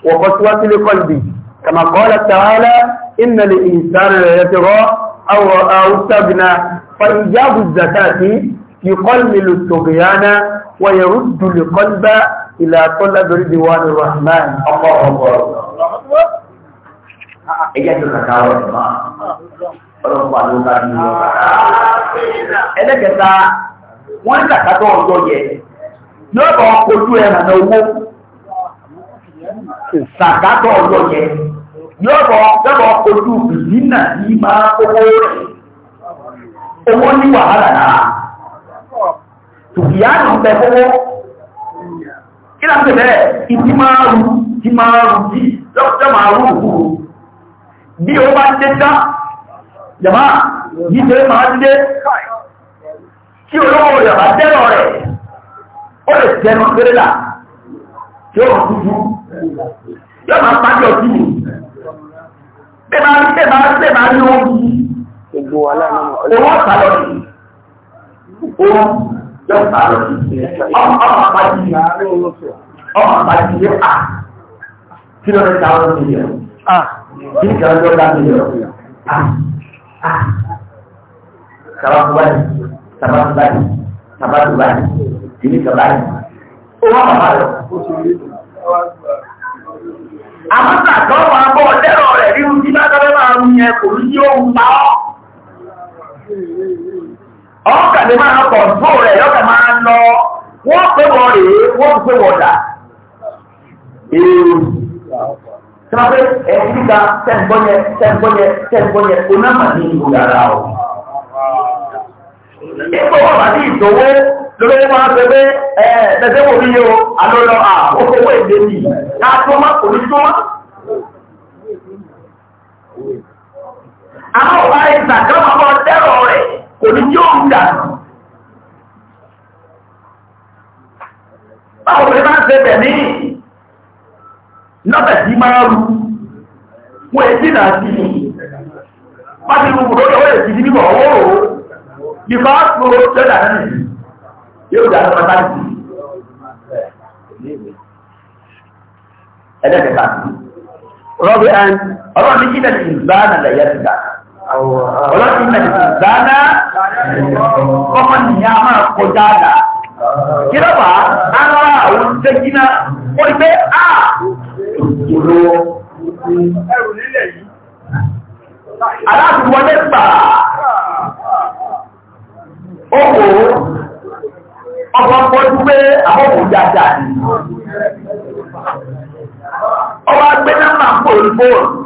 wọ̀kọ̀ síwájú lé kọ́lbì kama qala ta'ala inna يقلل الطغيان ويرد القلب إلى طلب رضوان الرحمن الله أكبر wọ́n ń ọjọ́ yẹ, yóò bọ̀ ojú ẹ̀rànà owó. Kàkàtọ̀ ọjọ́ yẹ, yóò bọ̀ ojú ìdínà ní máa owó rẹ̀. Owó ní wàhálà náà tòkìyà ní ìgbẹ́ fọwọ́ kí láti bẹ̀rẹ̀ ìdí máa rú ìdí máa rú bí lọ́pọ̀ máa rú òkú bí ó bá dé dá jàmá yìí tẹ́lẹ̀ máa dé kí olówó yàrá dẹ́rọ rẹ̀ ó lè tẹnu péré là tí ó rọ̀ dúdú yóò máa pàdé ọtí mi bẹ́ẹ̀ máa rí bẹ́ẹ̀ máa rí bẹ́ẹ̀ máa rí ohun yìí owó ọ̀sán yóò bá lọ sí ọmọ àpájì ọmọ àpájì yóò à kí ló ń ta ọmọ mi yẹ kí nìkan ló dá mi yẹ sabakubali sabakubali sabakubali kìíní kabali ó wà bàbá lọ. àmọ́ sàtọ́ wà bọ̀ ọ̀dẹ́rọ̀ rẹ̀ ríru tí bá tọ́lẹ́ máa ń yẹ kò ní yóò ń pa ọ́ ọkàn ní máa kọ̀ǹtó rẹ̀ lọ́kàn máa lọ wọ́n pé wọ́n rèé wọ́n pé wọ́n dà. Èrò tí wọ́n pé ẹ̀sìn níta tẹ̀gbọ́nyẹ tẹ̀gbọ́nyẹ tẹ̀gbọ́nyẹ onáma ní ìlú yàrá o. Ipò wọn wà ní ìdòwó lórí wọn á pépé ẹ tẹ̀sẹ̀ wò mí yé o àlọ́ lọ à okòwò èdè mi ká tó má kò ní tó má. Àwọn ọba ìgbà kan máa bọ̀ dẹ́rọ̀ rẹ̀ òní tí ó ń dà. Báwo ni máa ń ṣe bẹ̀mí? Nọ́bẹ̀ tí máa rú, wọ́n èsì náà sí ni. Máa ti rúgbùn lórí ọwọ́ èsì níbọ̀ owó o. Ìfà tó ṣe dà náà nìyí, yóò dà lọ́pàá láti. Ẹlẹ́dẹ̀ká. Rọ́bì ẹn, ọlọ́run ní kí ọlọ́sìn mẹ́rin dáná kọ́kọ́ nìyà máa kọjá àdá kí ló bá ara àwọn jẹ́gínà wọ́n gbé à ìṣòro ẹrù nílẹ̀ yìí aláàbíwọlé gbà owó ọgbọ́n pọ́jú pé jàjà ọba gbé máa ń pò ní fóònù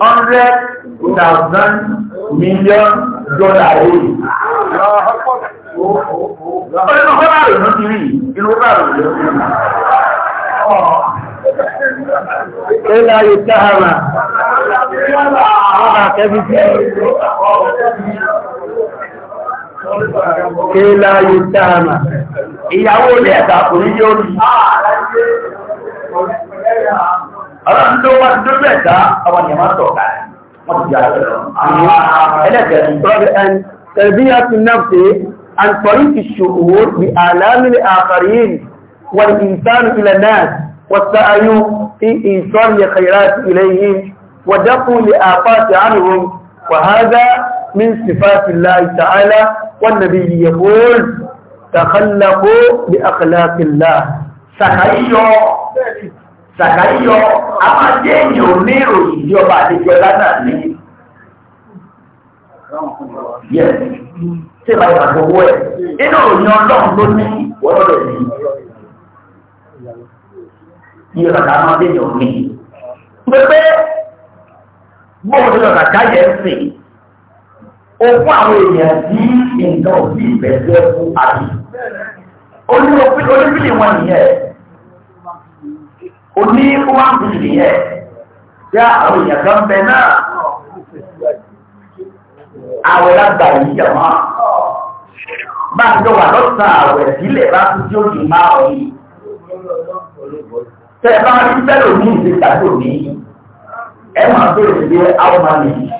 hundred thousand million dollar yìí. Ọ̀rẹ́ náà fọ́nà rẹ̀ ló ti rí inú bá rẹ̀ ló rí. Kéèlà yóò dáhàmà, ọ̀nà kẹ́bí sí. Kéèlà yóò dáhàmà, ìyàwó ilé ẹ̀dà kò ní yóò rí. ọlọ́run تربية النفس عن طريق الشعور بآلام الآخرين والإنسان إلى الناس والسعي في إيصال الخيرات إليهم ودقوا لآفات عنهم وهذا من صفات الله تعالى والنبي يقول تخلقوا بأخلاق الله. Sàkáyíyọ sàkáyọ a máa jẹ́ ní ọba àdéjọ lánà ní. yẹ ṣé ìbáyọ̀ àgbọ̀wọ́ ẹ̀ inú òyìn ọlọ́run ló ní wọ́lọ́dọ̀ ní. iye kàkà máa jẹ́ pépé bóun lọ kàkà yẹn sìn ogún àwọn èèyàn nǹkan òbí ó ní kó má kú nìyẹn tí àwọn èèyàn kan bẹ náà àwẹ̀ lágbà yìí yàmá bá a jọ wà lọ́sàn àwẹ̀ sílẹ̀ bá tún tí ó di máa rí tẹ bá rí bẹ́ẹ̀ lò ní ìdíkà tó ní ẹ máa bèèrè lé àwọn máa nìyí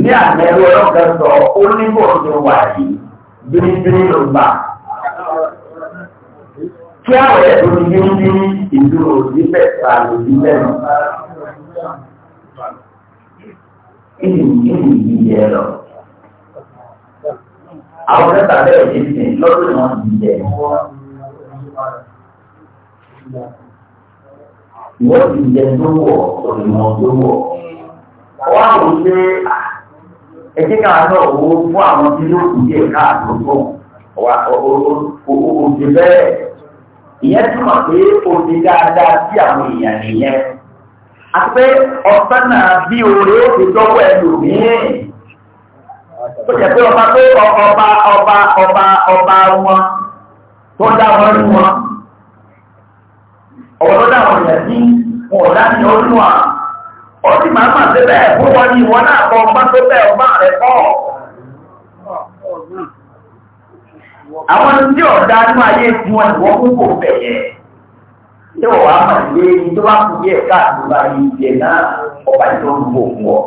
ní àmì ẹ̀rọ ọlọ́gbẹ̀sọ̀ ó ní bòójú wà yìí bíríbírí ló gbà kí àwọn ẹ̀ tó ti yé ń bí ìlú òdìbẹ̀ ta òdìbẹ̀ nù. Ìyìn ìyìn yẹ lọ. Àwọn mẹ́ta bẹ́ẹ̀ yé sìn lọ́dún náà yìí yẹ. Ìwọ́n ti jẹ tó wọ̀ òrìmọ̀ tó wọ̀. Wọ́n á wò ṣe ẹ̀jẹ̀ káà náà owó fún àwọn tí yóò kú díẹ̀ káàdùn fún. Òṣèlú bẹ́ẹ̀ ìyẹn túmọ̀ pé omi dáadáa sí àwọn èèyàn nìyẹn àti pé ọ̀sán náà bí oore ó fi dọ́wọ́ ẹlòmíín ó jẹ́ pé ọba pé ọba ọba ọba ọba wọn tó dá wọn ní wọn ọ̀wọ́ tó dá wọn yẹn sí wọn ò dá ní ọdún wa ó sì máa máa ṣe bẹ́ẹ̀ fún wọn ní ìwọ náà kọ́ ọgbọ́n tó bẹ́ẹ̀ ọgbọ́n rẹ̀ kọ́. àwọn tí ọ̀dá ní ayé tí wọ́n wọ́n kún kò tí wọ́n wá mà lé ní tó bá kú yẹ káàkiri bá yí náà ọba tó ń bò fún ọ.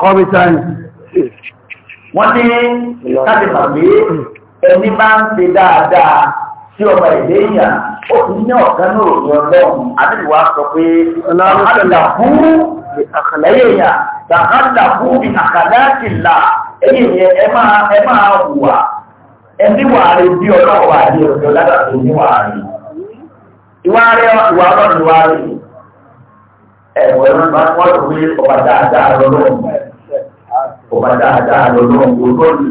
kọ́mítán. wọ́n ní ẹni máa ń ṣe dáadáa tí ọba ìdè èèyàn ó ti ní ọ̀kan ní ọlọ́run àdéhùwá sọ pé àkàlà ẹni wàárí bí ọlọ́wọ́ àdé ọjọ́ látàkì ní wàárí ìwárí ìwà ọlọ́run wárí ẹ̀wọ̀ ẹ̀rọ máa wọ́n lò wí ọba dáadáa lọ́lọ́run ọba dáadáa lọ́lọ́run olórí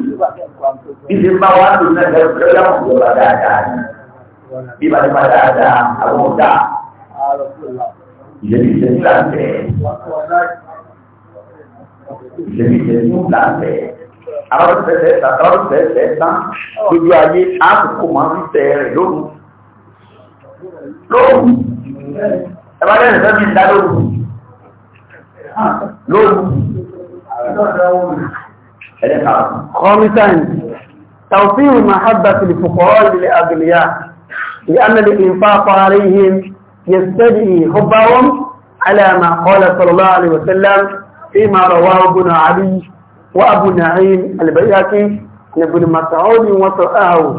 ìdí máa wá lò náà ẹgbẹ́ yàwó ọba dáadáa ni bí bá nípa dáadáa àwọn ọ̀dà ìlẹ́bí ìṣẹ́jú làǹfẹ̀ẹ́ ìlẹ́bí ìṣẹ́jú làǹfẹ̀ẹ́. خامسا توفير المحبة للفقراء للأغنياء لأن الإنفاق عليهم يستدعي حبهم على ما قال صلى الله عليه وسلم فيما رواه ابن علي وأبو نعيم البياكي ابن مسعود وطاه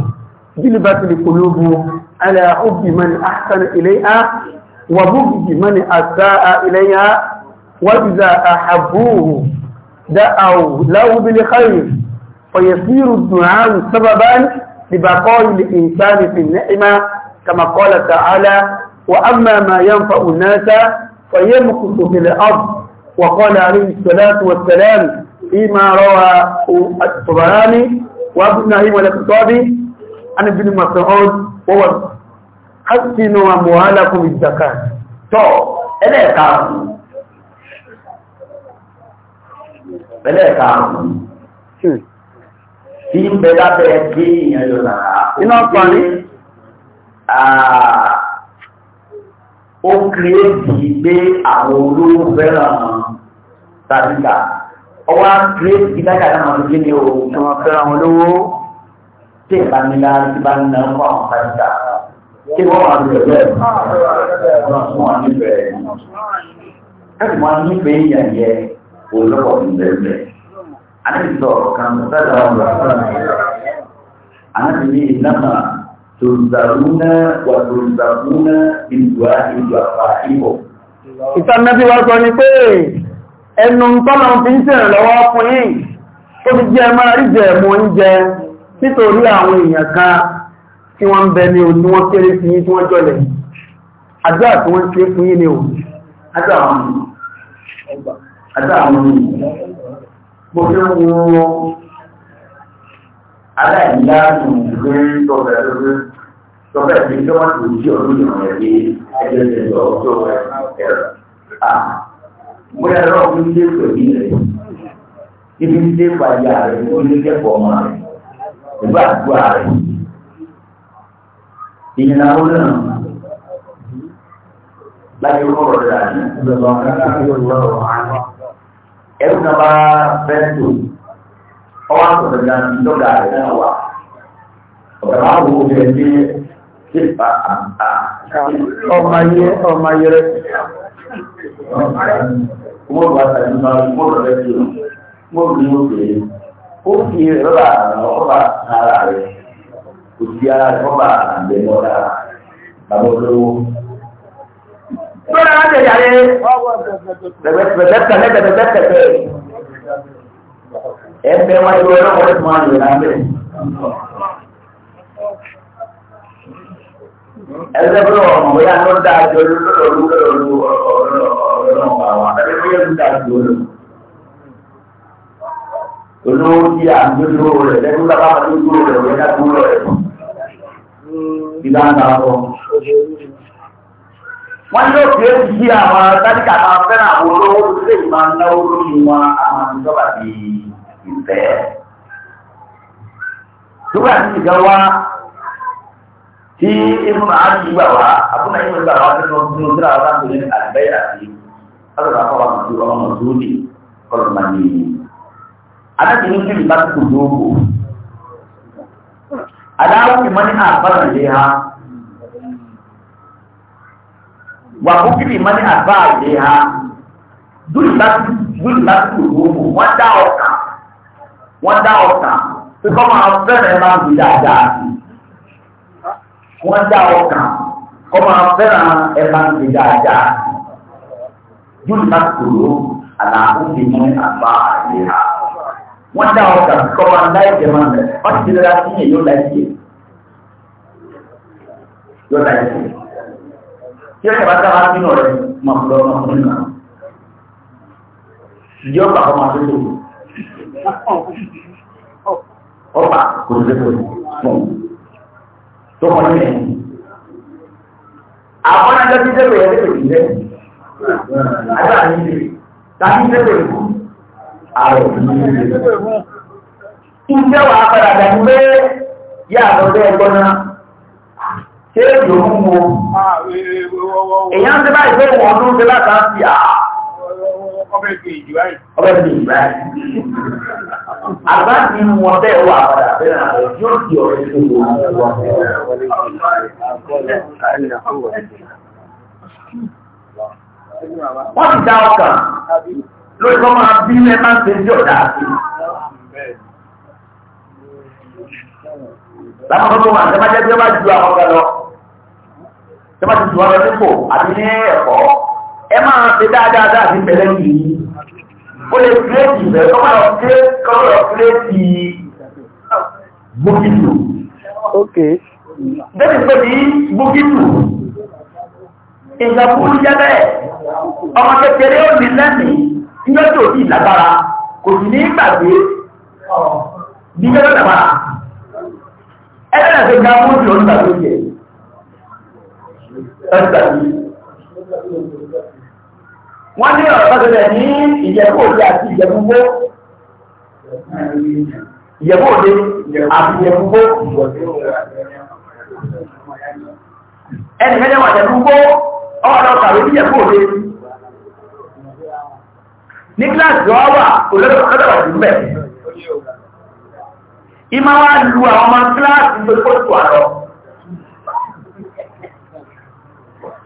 جلبت القلوب على حب من أحسن إليها وبغض من أساء إليها وإذا أحبوه دعوا له بالخير فيصير الدعاء سببا لبقاء الإنسان في النعمة كما قال تعالى وأما ما ينفع الناس فيمكث في الأرض وقال عليه الصلاة والسلام فيما روى الطبراني وابن نعيم والاقتصادي عن ابن مسعود وهو حسنوا اموالكم بالزكاه تو اليك اليك tí ń bẹ lábẹ́ kí ìyẹn ó kìrìtì gbé àwọn olówó fẹ́ràn tàbíkà ọwọ́ àkìrẹ́ ìdájà náà máa gbé ní òun tí wọ́n fẹ́ra wọn lówó tí ìbánilá ti bá ń na ọkọ̀ àwọn pàṣẹ kí wọ́n wà ní ẹ̀rọ ẹ̀rọ wọn nífẹ̀ẹ́ ẹ̀rọ wọn nífẹ̀ẹ́ yẹn yẹ òun lọ́pọ̀ níbẹ̀ẹ́bẹ̀ àdìsọ̀ kan sẹ́dá ọ̀rọ̀ àti ní ìlànà wà tòǹdàrúnà ìdùá ìdùá fà ìbọ̀. ìtàn náà sọ ni pé ẹnu tọ́lọ fi ń tẹ̀rẹ̀ lọ́wọ́ fún yìí tó fi jẹ́ máa rí jẹ mọ́ oúnjẹ nítorí àwọn èèyàn kan tí wọ́n ń bẹ ní o tí wọ́n kéré sí yí tí wọ́n jọlẹ̀ àdúrà tí wọ́n ṣe fún yí ni o àdúrà àwọn mo fi ń wo aláìlá ìgbé tọ́bẹ̀ lórí tọ́bẹ̀ tí wọ́n ti jí ọdún ìrìn ẹ̀rí ẹgbẹ́ ìjọ ọjọ́ ẹ̀rọ ah bóyá lọ́wọ́ fi ń dé pẹ̀lú rẹ̀ ibi ń dé pàjá rẹ̀ ó ní kẹ́kọ̀ọ́ ọmọ rẹ̀ ìgbà àdúrà rẹ̀ ìyẹn àwọn náà láyé kọ̀rọ̀ rẹ̀ àná ẹ̀rù náà bá fẹ́ tó ọwọ́ àtọ̀tọ̀ náà ti dọ́gà rẹ̀ náà wà ọ̀gá máa wò ó bẹ̀rẹ̀ ní ọmọ ayé ọmọ ayé rẹ̀. Mo bá tàbí máa mo rẹ̀ sí o, mo rí o pé ó fi rọ́bà rọ́bà ara rẹ̀, kò sí ara rọ́bà àgbẹ̀mọ́ dára, bàbá olówó. Bẹ́ẹ̀ á tẹ̀lé ayé, bẹ̀bẹ̀tẹ̀lẹ́tẹ̀lẹ́tẹ̀lẹ́tẹ̀. Ẹ bẹ́ wáyé ọlọ́wọ́ ẹ̀ máa lò lábẹ́. ẹlẹ́gbẹ̀rún ọmọ bóyá ló ń dáa jọ lórí lórí ọ̀rọ̀ àwọn àtàlẹ́ bóyá ló ń dáa jọ lórí. olówó tí a ń dúró rẹ̀ lẹ́nu bàbá máa ń dúró rẹ̀ wọ́n yá dúró rẹ̀ fún. ìlà ń dáa fọ́. wọ́n yóò fi èsì sí àwọn sáríkà máa fẹ́ràn àwọn olówó tó lè máa ń náwó lórí wọn àwọn ìjọba bíi ìfẹ́. Tuba ti ti ka wa tí inú máa ń yí gbà wá àbúnà yìí gbà wá nínú nínú síra wá láti ní àgbẹ̀ àti ọlọ́dà fọwọ́ àti ọmọ sóòlì kọlọ̀ máa ní ìyí. aláàbí ní kíbi bá ti kò dóòbò aláwọ̀ ìmọ̀ ní àbára ilé ha wà fún kíbi ìmọ̀ ní àbára ilé ha dúrì láti dúrì láti kò dóòbò wọ́n dá ọ̀tà wọ́n dá ọ̀tà pípọ́ máa fẹ́rẹ̀ẹ́ máa ń gbé dáadáa sí i wọ́n dá ọkàn kọ́ máa fẹ́ràn ẹ̀ka ń ṣe dáadáa yóò ká kúrò àlàáfù ti mú àbá àlera wọ́n dá ọkàn kọ́ máa dá ẹ̀jẹ̀ máa bẹ̀ wọ́n ti dára sí yẹn yóò láì ṣe yóò láì ṣe tí ó yàrá dára sínú rẹ̀ máa fọ́ lọ́wọ́ fún mi ìjọ ọba kọ́ tó tó ọba kò tó tó fún mi tó kọjú ẹ̀ àwọn ẹgbẹ́ tí dẹ́gbẹ̀ yẹn dẹ́gbẹ̀ yìí dẹ́gbẹ̀ àgbà ní ilé tàbí dẹ́gbẹ̀ fún ààrẹ ìjẹ́ wàá padà dàbí pé yá àtọ́jọ́ ẹgbọ́n náà ṣé èdè òun wo èèyàn ń dẹ́gbà ìgbẹ́ wọn ọdún dẹ́gbà kan fi àá ọbẹ̀ wọ́n ti dá ọkàn lórí kọ́ máa bí lẹ́ máa ń ṣe ní ọ̀dà àti. lápapọ̀ tó wà ní jẹ́ bí wọ́n bá ju àwọn ọ̀gá lọ. tí wọ́n ti ju ọ̀dọ́ dípò àti ní ẹ̀kọ́ ẹ máa ṣe dáadáa dáàbí pẹ̀lẹ́ yìí ó lè kírètì rẹ̀ kọ́mọ̀lọ́ kírètì bókítù. Débi pé ní bókítù, ìjọba olú jẹ́ bẹ́ẹ̀, ọmọ kékeré ó ní lẹ́mìí, iná tó ní ìlágbára, kò sì ní gbàgbé, bí jẹ́ lọ́dàbà. Ẹgbẹ́ náà ṣe gbá fún ìlú ọdún tàbí ó jẹ wọ́n ní ọ̀rọ̀ tọ́jọ́lẹ̀ ní ìjẹ̀bú òde àti ìjẹ̀bú gbó ìjẹ̀bú òde àti ìjẹ̀bú gbó ẹni mẹ́jẹ̀ wà jẹ̀bú gbó ọ̀rọ̀ kàwé sí ìjẹ̀bú òde ní kíláàsì ọ̀wà olóòtọ́jọ́ wà jù mbẹ̀ ìmọ̀ wa lu àwọn ọmọ kíláàsì tó kó tó àrọ̀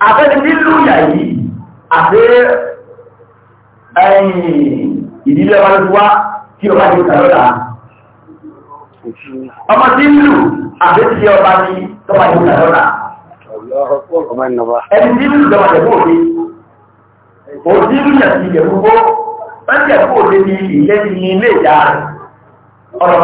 àfẹ́ni nílùú yà yìí àfẹ́ ìdílé ọmọ lọ́tí wá tí ọba ti kà lọ́la ọmọ tí ń lù àbí tí ọba ti tọ́ba ti kà lọ́la ẹni tí ń lù lọ́wọ́ ẹ̀kú òde òdí ń yà sí ilẹ̀ gbogbo wọ́n ti ẹ̀kú òde ní ilé ní ilé ìjà rẹ̀ ọ̀rọ̀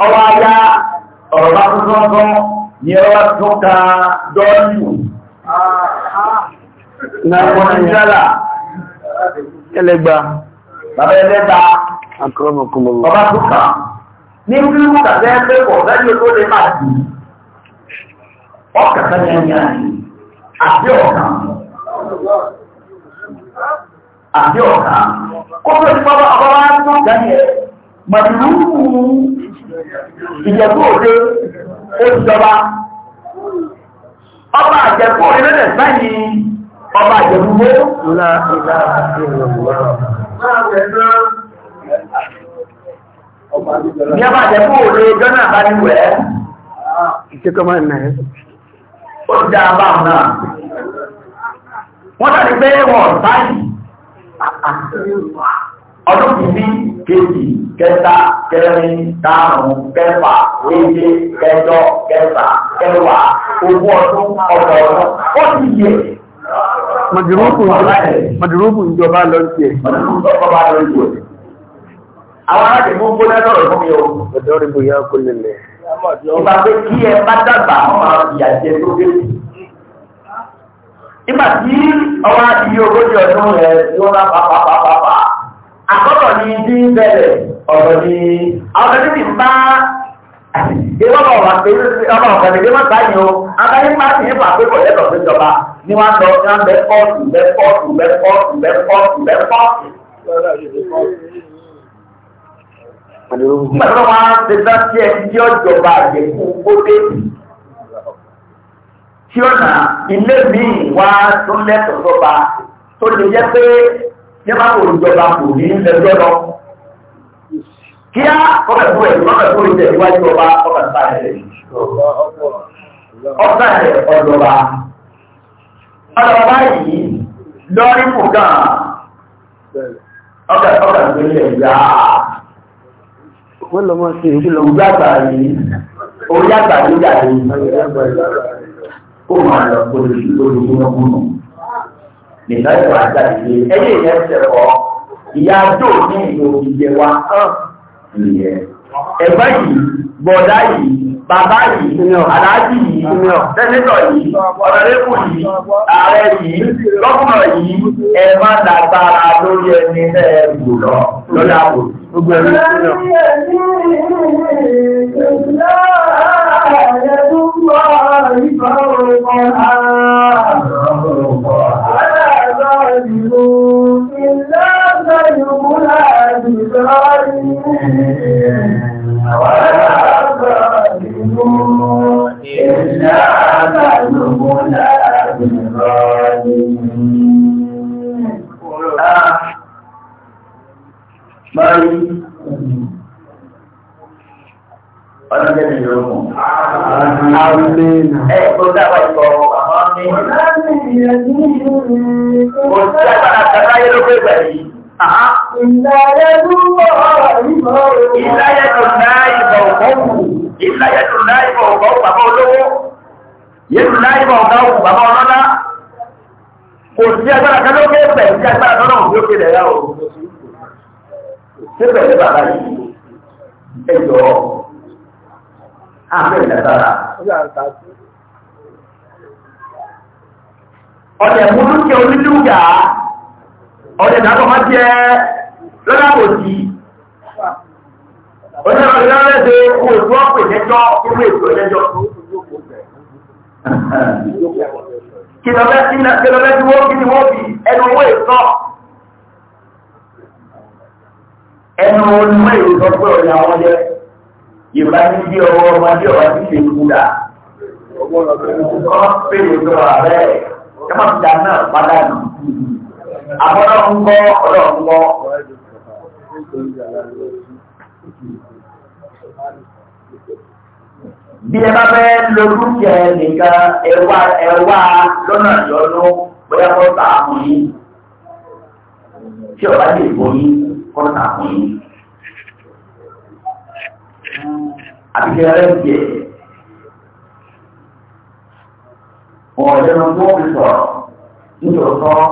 ọwọ́ ayá ọ̀rọ̀ bá tún sọ́kọ́ ni ọwá tó ka dọ́ọ̀lù na ọ̀rọ̀njálà ẹlẹ́gbà bàbá ẹlẹ́ta ọba tó ka ní fílùmù kàtẹ́ pé kọ̀ lẹ́yìn tó lè máa jù ọkàtà ní ẹ̀yà àti ọ̀kà ìjẹ̀kú òde olùjọba ọba àjẹ̀kú òde lẹ́nà báyìí ọba àjẹ̀kú gbó. ńlá ìlà ìrọ̀lọ́. ní ọba àjẹ̀kú òde jọ́nà bá ní wẹ̀ ẹ́. ìjẹ́kọ̀ máa nà ẹ́. ó ti dá abá náà. wọ́n tàbí pé wọ́n báyìí ọdún kìíní kejì kẹta kẹrin karùn-ún kẹfà keje kẹjọ kẹfà kẹwàá ogún ọdún ọgọ́rùn-ún ó ti yẹ. mọ̀dùrúbù ìjọba lọ sí ẹ̀. mọ̀dùrúbù ìjọba lọ sí ẹ̀. àwọn aláàbẹ̀ mú gbóná sọ̀rọ̀ fún mi o. ọ̀dọ́ rẹ̀ bóyá kò lè lẹ̀. ìgbà pé kí ẹ bá dàgbà wọn máa fìyà jẹ tó dé. ìgbà tí ọwọ́ adìyẹ ogójì ọdún rẹ̀ tí wọ́n bá pàpàpàpà àkọ́kọ̀ ni bí ń bẹ̀rẹ̀ ọ̀rọ̀ ni ọ̀rọ̀ tí ti ń bá ìwọ́n ọ̀rọ̀ àti ọmọ ọ̀rọ̀ ni wọ́n bá o abẹ́rẹ́ máa ti nípa pé kò lẹ́tọ̀ sí ìjọba ni wọ́n lọ sí abẹ́ pọ́ọ̀tù bẹ́ pọ́ọ̀tù bẹ́ pọ́ọ̀tù bẹ́ pọ́ọ̀tù bẹ́ pọ́ọ̀tù. Pẹ̀lú wọn ti dá sí ẹni tí ó jọba àgbẹ̀kú ó dé tí ọ̀nà ilé mi wá tó lẹ́tọ̀ nípa kò ìjọba kò ní ẹgbẹ́ lọ. kí á ọbẹ̀ ẹ̀ ọbẹ̀ ìjẹ̀ níwájú ọba ọbẹ̀ nípa ẹ̀ yìí lọ́rí kù gan ọbẹ̀ ọbẹ̀ tó ń lẹ̀ yá. wọ́n lọ mọ́ sí ìlú ojú àgbà yìí orí àgbà nìkan ìwà àjáde ẹyẹ yẹn ṣẹkọ ìyá àjò ní ìlú ìjẹ wa hàn nìyẹn ẹgbẹ́ yìí bọ̀dá yìí bàbá yìí aláàjì yìí sẹ́nẹ́tọ̀ yìí ọ̀rẹ́lẹ́kù yìí ààrẹ yìí lọ́kùnrin yìí ẹ má dàgbára lórí ẹni ẹ̀rù lọ lórí àpò gbogbo ẹ̀rù ìpínlẹ̀. Kò sí àgbàlagbà láyé ló pé pẹ̀lú. Ìláyẹ̀dùn láìbọ̀ ọ̀gọ́wù, ìláyẹ̀dùn láìbọ̀ ọ̀gọ́wù bàbá olówó, yẹ̀dùn láìbọ̀ ọ̀gọ́wù bàbá ọlọ́lá, kò sí agbára kan lókè pẹ̀ sí agbára kan náà lókè rẹ̀ yá o. Ṣé bẹ̀rẹ̀ bàbá yìí? Ẹ jọ, àmì ìdàgbára. Ọ̀dẹ̀ mú lókè onídùúgà ọ̀dẹ̀ ìdájọ́ máa jẹ́ lọ́lábòsí onílọ́rọ̀ lọ́rẹ́dẹ̀ owó ètò ọ̀pẹ̀ lẹ́jọ́ owó ètò lẹ́jọ́ kí lọ́bẹ́ tí wọ́n kí ni wọ́n fi ẹnu owó ètò ẹnu onímọ̀ èrò sọ pé ọ̀rẹ́ àwọn jẹ́ Yorùbá ní bí ọwọ́ ọmọ bí ọ̀rọ̀ ti ṣe kú dà ọgbọ́n lọ́bẹ̀rẹ̀ kọ́ pé ètò ààrẹ fi dáná padà nù àbọ̀dọ̀ ń gbọ́ ọ̀dọ̀ ń gbọ́. bí ẹ bá fẹ́ lo dúkìá nìkan ẹwà ẹwà lọ́nà ìyọnu bóyá kọ́ ta àmọ́ yìí tí ọ̀bá lè bọ́ yìí kọ́ ta àmọ́ yìí. àbíkẹ́ rẹ̀ jẹ́ ọ̀rẹ́ ló ń gbọ́ mi sọ̀rọ̀ nítorí sọ́ọ́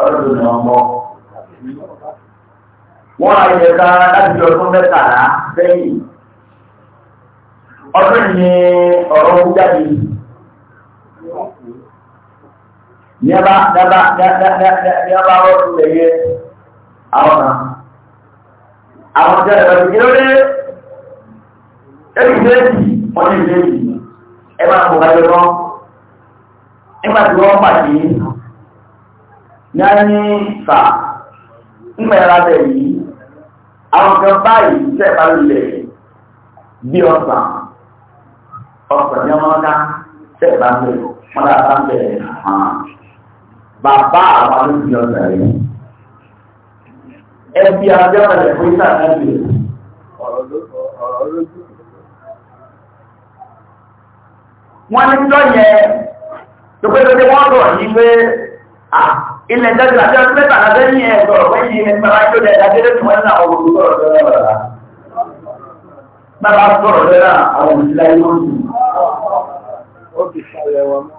ọdún ní ọmọ. Wọ́n àyẹ̀ká láti ọdún mẹ́tàlá sẹ́yìn. Ọdún ní ọ̀rọ̀ ó jáde. Ní ẹbá rọ́dún lẹ́yẹ àwọn náà. Àwọn jẹ́ ìrọ̀lẹ́ kí ló dé? Ẹbí méjì, wọ́n ní méjì. Ẹ máa mú ọ̀gájọ́ náà. Nígbà tí wọ́n pàdé ní a ní fà ńgbà yàrá bẹ̀ yìí àwọn kan báyìí tẹ̀ bá lulẹ̀ bí ọ̀sán ọ̀sán ní ọmọ ká tẹ̀ bá lulẹ̀ wọn dà bá bẹ̀rẹ̀ hàn bàbá àwọn olùdíje ọ̀sán rẹ̀ ẹbí abẹ́wọ̀n rẹ̀ fún ìtàn náà bìrì. wọ́n ní tọ́ yẹ tó pé tó dé wọ́n rọ̀ yí pé à. Ah, ilẹ̀ dájú àti ọdún mẹ́ta lábẹ́ ní ẹ̀gbọ́n wẹ́yìn ẹgbẹ́ máa jó lẹ́yìn lábẹ́rẹ́ tí wọ́n ń àwọn olùkọ́ ọ̀dọ́ náà bàbá sọ̀rọ̀ lẹ́la àwọn òṣìlá inú ọ̀sùn. ó ti sàlẹ̀ wọn mọ́.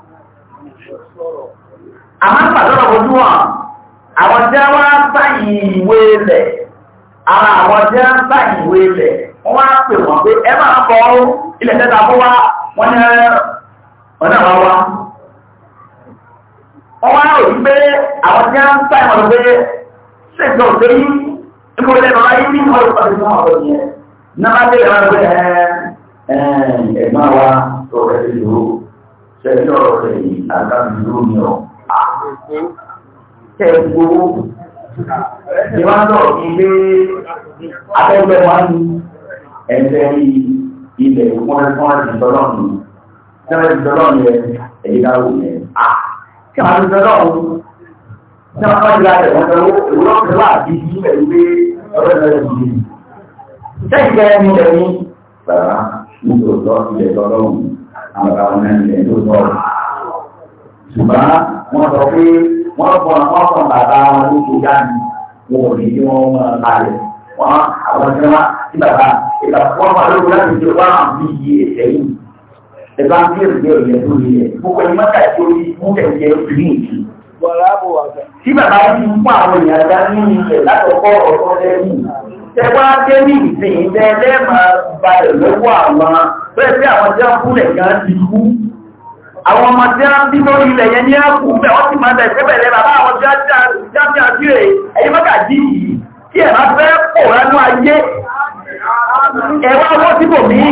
àmọ́ pàtàkì ojú wọn àwọn tí wọ́n á sáyìn ìwé lẹ̀ ara àwọn tí wọ́n á sáyìn ìwé lẹ̀ wọ́n á pè wọ́n pé ẹ máa bọ̀ ilẹ̀ tẹ́ta fún wa wọ́n ní ọ̀nà wa wọ́n wá rò wípé àwọn tí wọ́n ń sá ìmọ̀ pé ṣètò òṣè yí ipò lẹ́nu láyé ní ìmọ̀ ìpàdé fún àwọn ọ̀dọ́ yẹn náà máa tẹ̀lé wọn pé ẹ̀gbọ́n wa tó rẹ̀ ti lò ó ṣẹ́yìn ọ̀rọ̀ rẹ̀ yìí àgbàmì ló ọ̀ tẹ̀ gbowó ìwọ́n náà abẹ́gbẹ́ wọn ẹgbẹ́ ilẹ̀ ìpọ́nrẹ́pọ́nrẹ́ ìdọ́lọ́ọ̀nù ìdọ́lọ́ọ̀nù ẹ̀ ẹ̀yìn dáwò kí àwọn àti sọ́dọ̀ ọ̀hún ní wọ́n kọ́jú láti ẹ̀wọ̀n tó ìwúrọ̀ tó wà bí i pẹ̀lú pé ọ̀rọ̀ ìrọ̀lẹ́ ìdílé ni. Sẹ́yìn kẹrẹ ní ilẹ̀ ní bàbá ní tòótọ́ ilẹ̀ tọ́lọ́hùn àwọn àwọn náà ilẹ̀ tó tọ́. Ṣùgbọ́n wọ́n sọ pé wọ́n fọ́n wọ́n fọ́n bàbá wọn ló kó yá ni wọn ò ní kí wọ́n máa balẹ̀. Wọ́n àwọn ìjọba tí bàbá ìgbà wọ́n máa lóko láti ṣe wá àwọn bí iye ẹ̀sẹ̀ yìí evangelho dele é do dia. O clima está aqui, o dinheiro seguinte. Se bàbá yìí ń pa àwọn èèyàn dá ní ilẹ̀ látọ̀kọ́ ọ̀tọ́ lẹ́yìn, tẹ́gbá dé ní ìsìn tẹ́lẹ̀ máa balẹ̀ lọ́wọ́ àwọn bẹ́ẹ̀ sí àwọn tí wọ́n kúlẹ̀ gan ti kú. Àwọn ọmọ tí wọ́n bí lórí ilẹ̀ yẹn ní àkú bẹ́ẹ̀ wọ́n sì máa bẹ̀rẹ̀ sẹ́bẹ̀ lẹ́ bàbá àwọn jáde àjúre ẹ̀yìn mọ́gàjì yìí kí ẹ̀ máa fẹ́ pọ̀ ránú ayé. Ẹ̀wọ́n wọ́n síbò míì.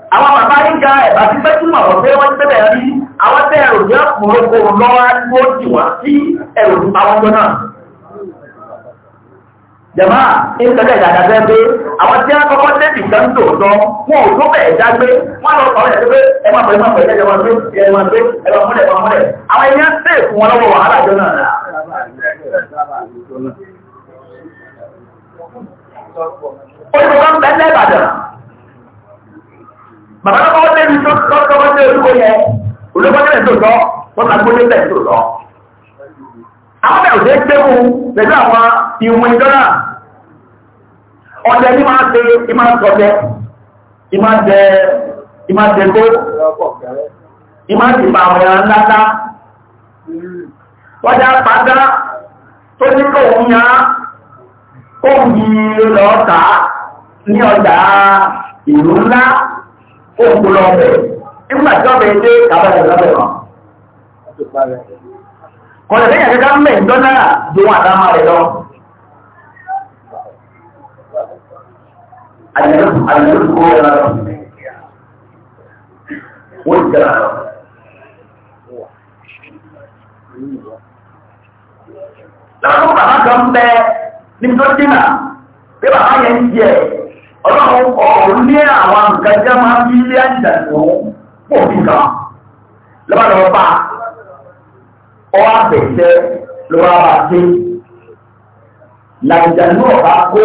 àwọn bàbá yín ga ẹ̀bà tí fẹ́ túmọ̀ wọ́n pé wọ́n tẹ́lẹ̀ rí àwọn tẹ́ ẹ̀rù ní ọ̀pọ̀lọpọ̀ lọ́wọ́ tí ó jì wá sí ẹ̀rù ní àwọn ọjọ́ náà. jẹ̀má ìtẹ́lẹ̀ ìdàgbà fẹ́ pé àwọn tí wọ́n kọ́kọ́ tẹ́bì kan tó tọ́ wọn ò tó bẹ̀ẹ̀ dágbé wọ́n lọ sọ̀rọ̀ ẹ̀ pé ẹ máa pẹ̀lú máa pẹ̀lú ẹ̀ máa pẹ̀lú ẹ̀ máa pẹ̀lú ẹ̀ máa pẹ̀lú ẹ̀ máa pẹ̀lú àwọn ènìyàn tẹ̀ fún wọn lọ́wọ́ wàhálà jọ náà. olùkọ́ ń bẹ́ẹ̀ lẹ́bàdàn bàbá náà wọ́n débi tó tọ́wọ́ dé orúkọ yẹn olùkọ́jọ́lẹ̀ tó tọ́ wọ́n ta gbóyè bẹ́ẹ̀ tó tọ́. àwọn bẹ̀rù ṣe é gbéwu pẹ̀lú àwọn ìwọ̀n ìjọ́nà ọ̀dẹ ní máa ṣe ìmá sọ̀tẹ ìmá jẹ ìmá jẹ tó ìmá sì pa àwọn ẹran ńláńlá wọ́n já padà tó ní kóun yá kóun yìí lọ́ọ́ ní ọjà ìlú ńlá ó kú lọ bẹ̀. Nígbà tí ọ̀bẹ̀ dé kábàlẹ̀ lọ́bẹ̀ wọn. Kọ̀lẹ̀ lẹ́yìn àkẹ́kẹ́ mẹ́ ìdọ́nà ju wọn àdámà rẹ̀ lọ. Àyẹ̀lẹ́ bàbá kan bẹ ní tó dínà bí bàbá yẹn ń jẹ ọlọ́run ọ̀rọ̀ ní àwọn nǹkan máa bí ilé àjìdànù pọ̀ bí kan lọ́wọ́lọ́wọ́ bá ọwọ́ àbẹ̀tẹ́ lọ́wọ́ bá dé làjìdànù ọ̀bá kó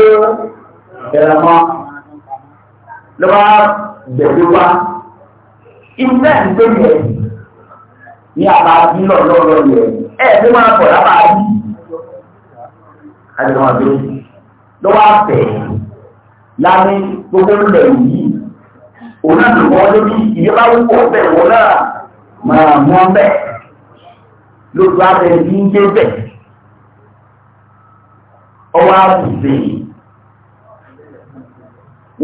ẹ̀rẹ̀ mọ́ lọ́wọ́ bẹ̀rẹ̀ wá ilé ìgbéyẹ̀ ní àbájí lọ́lọ́lọ́ yẹ̀ ẹ̀ tó máa pọ̀ lábájí àjọ̀mọ̀ lọ́wọ́ àbẹ̀tẹ́ láti gbogbo ilẹ̀ yìí onídùúgbọ́ lórí ìjọba wúwo bẹ̀ wọ́n náà máa mọ́ bẹ̀ lójú abẹ ní ń dé bẹ̀ ọwọ́ àbùsè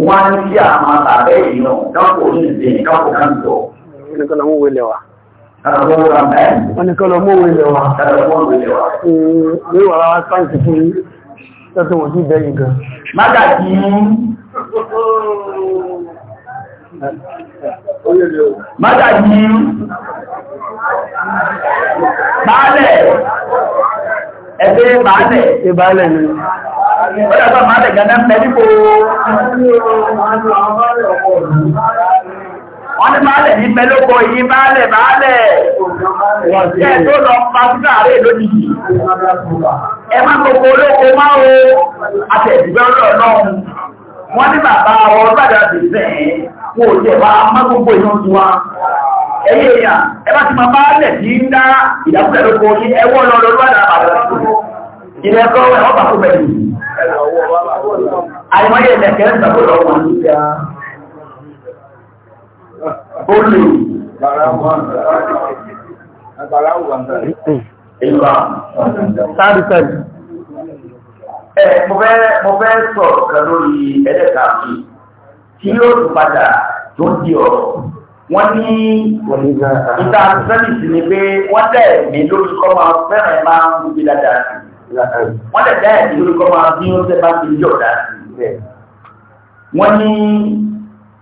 wọ́n á ní kí àwọn àbàbẹ́ èèyàn kápò ní ìsìn kápò kan jọ. ẹnìkan ló ní wàrà sáǹsì fún tọ́tọ́ wọ́n sí bẹ́yìn gan. Mága kí Mága kí ń Báálẹ̀ Ẹgbẹ́ báálẹ̀ Ìbáálẹ̀ ni. Ó dàtọ̀ máálẹ̀ gẹ́gẹ́ mẹ́lípò. Wọ́n ní báálẹ̀ ní mẹ́lókò yí báálẹ̀ báálẹ̀. Ẹ̀ tó lọ pàtàkì àárẹ̀ lónìí ẹ má gbogbo olóko má o àtẹ̀dúgbẹ́ ọlọ́run wọ́n ní bàbá wọn gbàdá ti sẹ́yìn wọn ò jẹ́ wá má gbogbo ìyọ́n ti wá ẹ̀yẹ èèyàn ẹ bá ti máa bá lẹ̀ sí ń dá ìdàkúlẹ̀ lóko ní ẹwọ́ lọ́dọ̀ lọ́dà àbàdà ilẹ̀ ẹ̀kọ́ ẹ̀ wọ́n bá kó bẹ̀rẹ̀ àìmọye ẹ̀lẹ̀kẹ́ ń sàkó lọ wọn ní ìyá ó lè Sáàdì sáàdì. Ẹ mo fẹ́ mo fẹ́ sọ̀rọ̀ kan lórí ẹlẹ́ka mi tí yóò padà tó Wọ́n ní ìta ni pé wọ́n bí ó ṣe bá ti ń jọ̀dá Wọ́n ní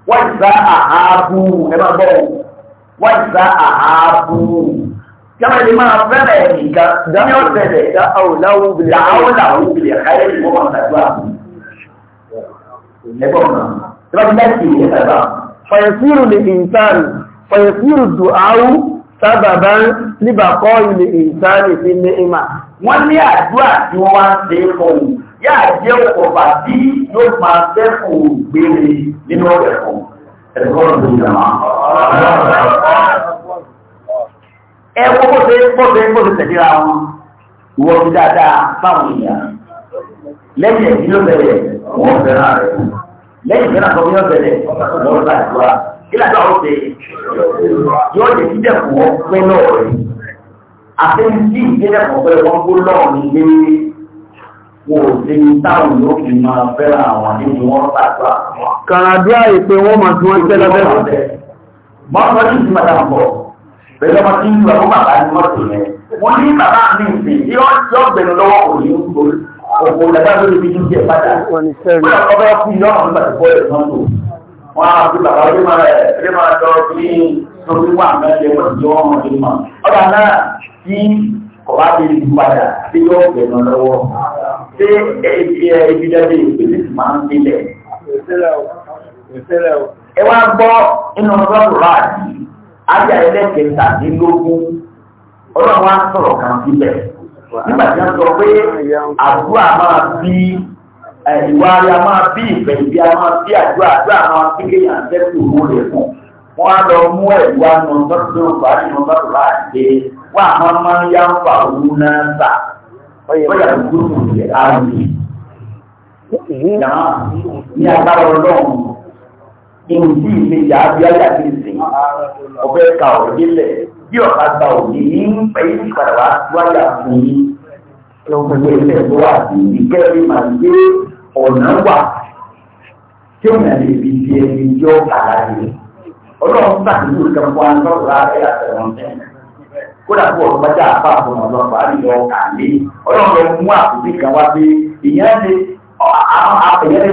wọ́n ìsá àhábù ẹ wọ́n ìsá àhábù. Yàrá ni máa fẹ́rẹ̀ nìkan ní ọ̀sẹ̀lẹ̀ dáhàwòláwò bìlẹ̀ káyé ìwọ́n àgbà. Ẹgbọ́n náà, tí wọ́n ti bá ti ìyẹn sábà. Fàyẹ̀sírù lè ìntàn, fàyẹ̀sírù dùáwù sábàbá níbàkọ́ ilé ìntàn ìfi ní ìmà. Wọ́n ní àdúrà tí wọ́n wá ń ṣe é fún un. Yáà jẹ́ ọ̀pá tí yóò máa fẹ́kùn gbére nínú ẹ̀kọ́. Ẹ̀kọ́ ọ̀dọ́ ìjàmá ẹ wo bó ṣe bó ṣe bó ṣe tẹ̀lé ra wọn ìwọ ti dáadáa fáwọn èèyàn lẹ́yìn ẹ̀jí ló bẹ̀rẹ̀ wọ́n fẹ́ràn rẹ̀ lẹ́yìn ìfẹ́ràn tó bí wọ́n bẹ̀rẹ̀ wọ́n bá ìtura kí láti àwọn ṣe yóò lè fi dẹ̀kun ọ pé náà rẹ̀ àfẹ́ntì ìdẹ́dẹ̀kun pé wọ́n kó lọ́ọ̀ nílé kò sí táwọn yóò fi máa fẹ́ràn àwọn nínú wọn pàtàkì. kàràdúrà ìpè wọn mọ̀ tí wọ́n tẹ́lẹ̀ bẹ́ẹ̀ bẹ́ẹ̀ lọ́mọ tí ń lọ fún bàbá ní mọ́tò yẹn mo ní bàbá mi ìsìn tí ó yọ gbẹnu lọ́wọ́ kò ní òkò lẹ́gbẹ́ lórí ibi tó jẹ́ padà bóyá ọkọ bẹ́ẹ̀ yọ ọ̀hún nígbà tó bọ́ ẹ̀ mọ́tò wọn á fi bàbá lé máa lé máa lọ sí lórí wà mẹ́lẹ̀ mọ́tò tí wọ́n mọ̀ ní mọ̀ náà tí ọba ti di padà tí yọ gbẹnu lọ́wọ́ ṣé ibi dáadé ìpèsè máa ń délẹ̀ ẹ wá gbọ́ inú ọgbọ́n ayé ẹlẹ́kẹta dín lógún ọlọ́run á sọ̀rọ̀ kan síbẹ̀ nígbà tí sọ pé àdúrà máa bí ìwà ara máa bí ìfẹ́ ìbí a máa bí àdúrà àdúrà máa bí kéèyàn tẹ́sí òwò rẹ̀ fún á lọ mú àná nínú àwọn máa ń yá ń fa náà sà ìgbóhùn rẹ̀ á rí ní agbára ọlọ́run ọ̀fẹ́ ka òye lẹ̀ bí ọ̀ka gba òye ní pẹ̀lú ìpadà wá wáyà fún yín lọ́gbẹ̀gbẹ̀ ilẹ̀ tó wà sí ìgẹ́rí máa gbé ọ̀nà wà tí ó nà lè fi di ẹni tí ó kà láyé ọlọ́run sàkíyèsí kan fún anọ́ọ̀lá ẹ̀ àtẹ̀wọ̀ntẹ́ kódà fún ọ̀gbájá àbá fún ọlọ́pàá àríyọ kàlé ọlọ́run lọ mú àkùnrin kan wá pé ìyẹn lè àpẹyẹrẹ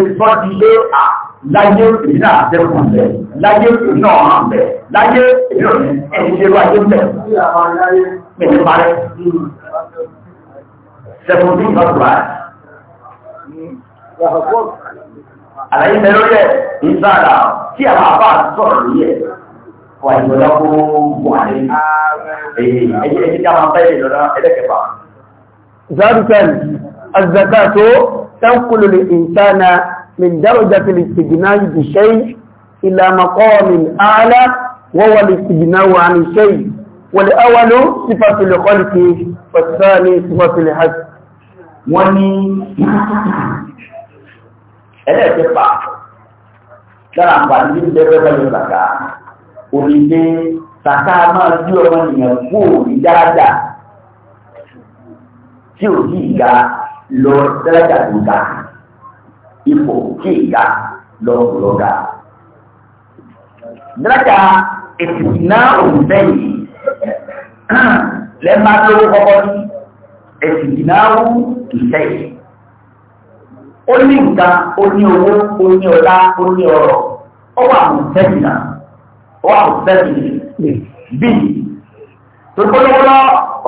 láyé èyí náà dẹ́kun bẹ̀ láyé èyí náà hàn bẹ̀ láyé èyí náà ẹni ṣe lọ ayé bẹ̀ mẹ́rin parẹ́ seventeen not right. àlàyé mẹ́rin lórí ẹ̀ ní sáàdà tí àwọn àbá sọ̀rọ̀ lórí ẹ̀ wà ìjọba kó buhari ẹ̀yẹ ẹ̀yẹ tí a máa bá ẹ̀yẹ lọ́dọ̀ ẹ̀dẹ́kẹ̀fà. zarukan azakato tankulu le insana من درجة الاستغناء بشيء إلى مقام أعلى وهو الاستغناء عن الشيء والأول صفة الخلق والثاني صفة الحق وني ẹlẹ́ẹ̀kẹfà dára àǹfààní ní bẹ́ẹ̀rẹ́ bẹ́ẹ̀ lọ́kà òrìṣẹ́ sàkà máa bí ọmọ ènìyàn kú òrì dáadáa tí ò sí ìga lọ dáadáa tó dáa ipò tí ìyá lọ́gbọ̀lọ́gà. Dírẹ́tà ètùtù náà òun bẹ́yì lẹ́mbà tó kọ́kọ́ ní ètùtù náà òun ìṣẹ́yì. Ó ní nǹkan, ó ní owó, ó ní ọlá, ó ní ọrọ̀, ó wà mú sẹ́yìn náà, ó wà mú sẹ́yìn bíi tó gbọ́dọ̀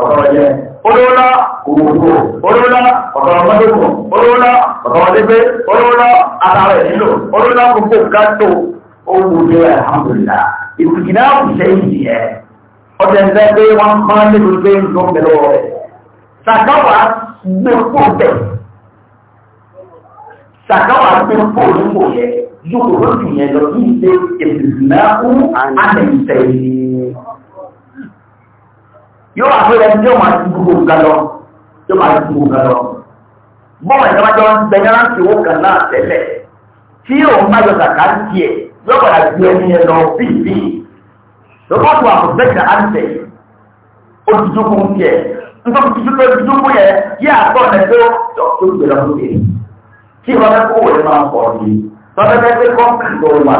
ọ̀dọ́rọ̀ yẹn olóòlá òwòrò olóòlá ọ̀tọ̀rọ̀mọ́dógún olóòlá ọ̀tọ̀rọ̀dégbé olóòlá àtàrà ìlò olóòlá gbogbo kátó olùdó àhàmùlá ìpìkìdá òṣè ìdí ẹ ọjọ́ ìfẹ́ pé wọ́n máa ń lébi pé nǹkan pẹ̀lú ọ̀rẹ́ sàkáwà gbogbo bẹ̀ sàkáwà gbogbo nípò yẹ yóò lóṣù yẹn lọ sí ìṣe ìpìkìdá òun àtẹ̀yìntẹ̀yìn yóò wà pẹ́rẹ́ yóò máa ti gbogbo nǹkan lọ yóò máa ti gbogbo nǹkan lọ bọ́ọ̀mù ìdámájọ́ ń bẹ yára ti owó kan náà tẹ́lẹ̀ tí òun bá yọ kàkà ń tiẹ̀ yóò padà gbé ẹni yẹn lọ bíbí lọ́pọ̀ tó àpò bẹ́ẹ̀ta á ń tẹ̀ ó ti dúkú ń tiẹ̀ nítorí títí tó ti dúkú yẹn yé àtọ́ ẹ̀ tó tó gbé lọ sókè kí wọ́n fẹ́ kó wọlé máa ń pọ̀ sí tọ́lá fẹ́ fẹ́ kọ́ńtì tó wà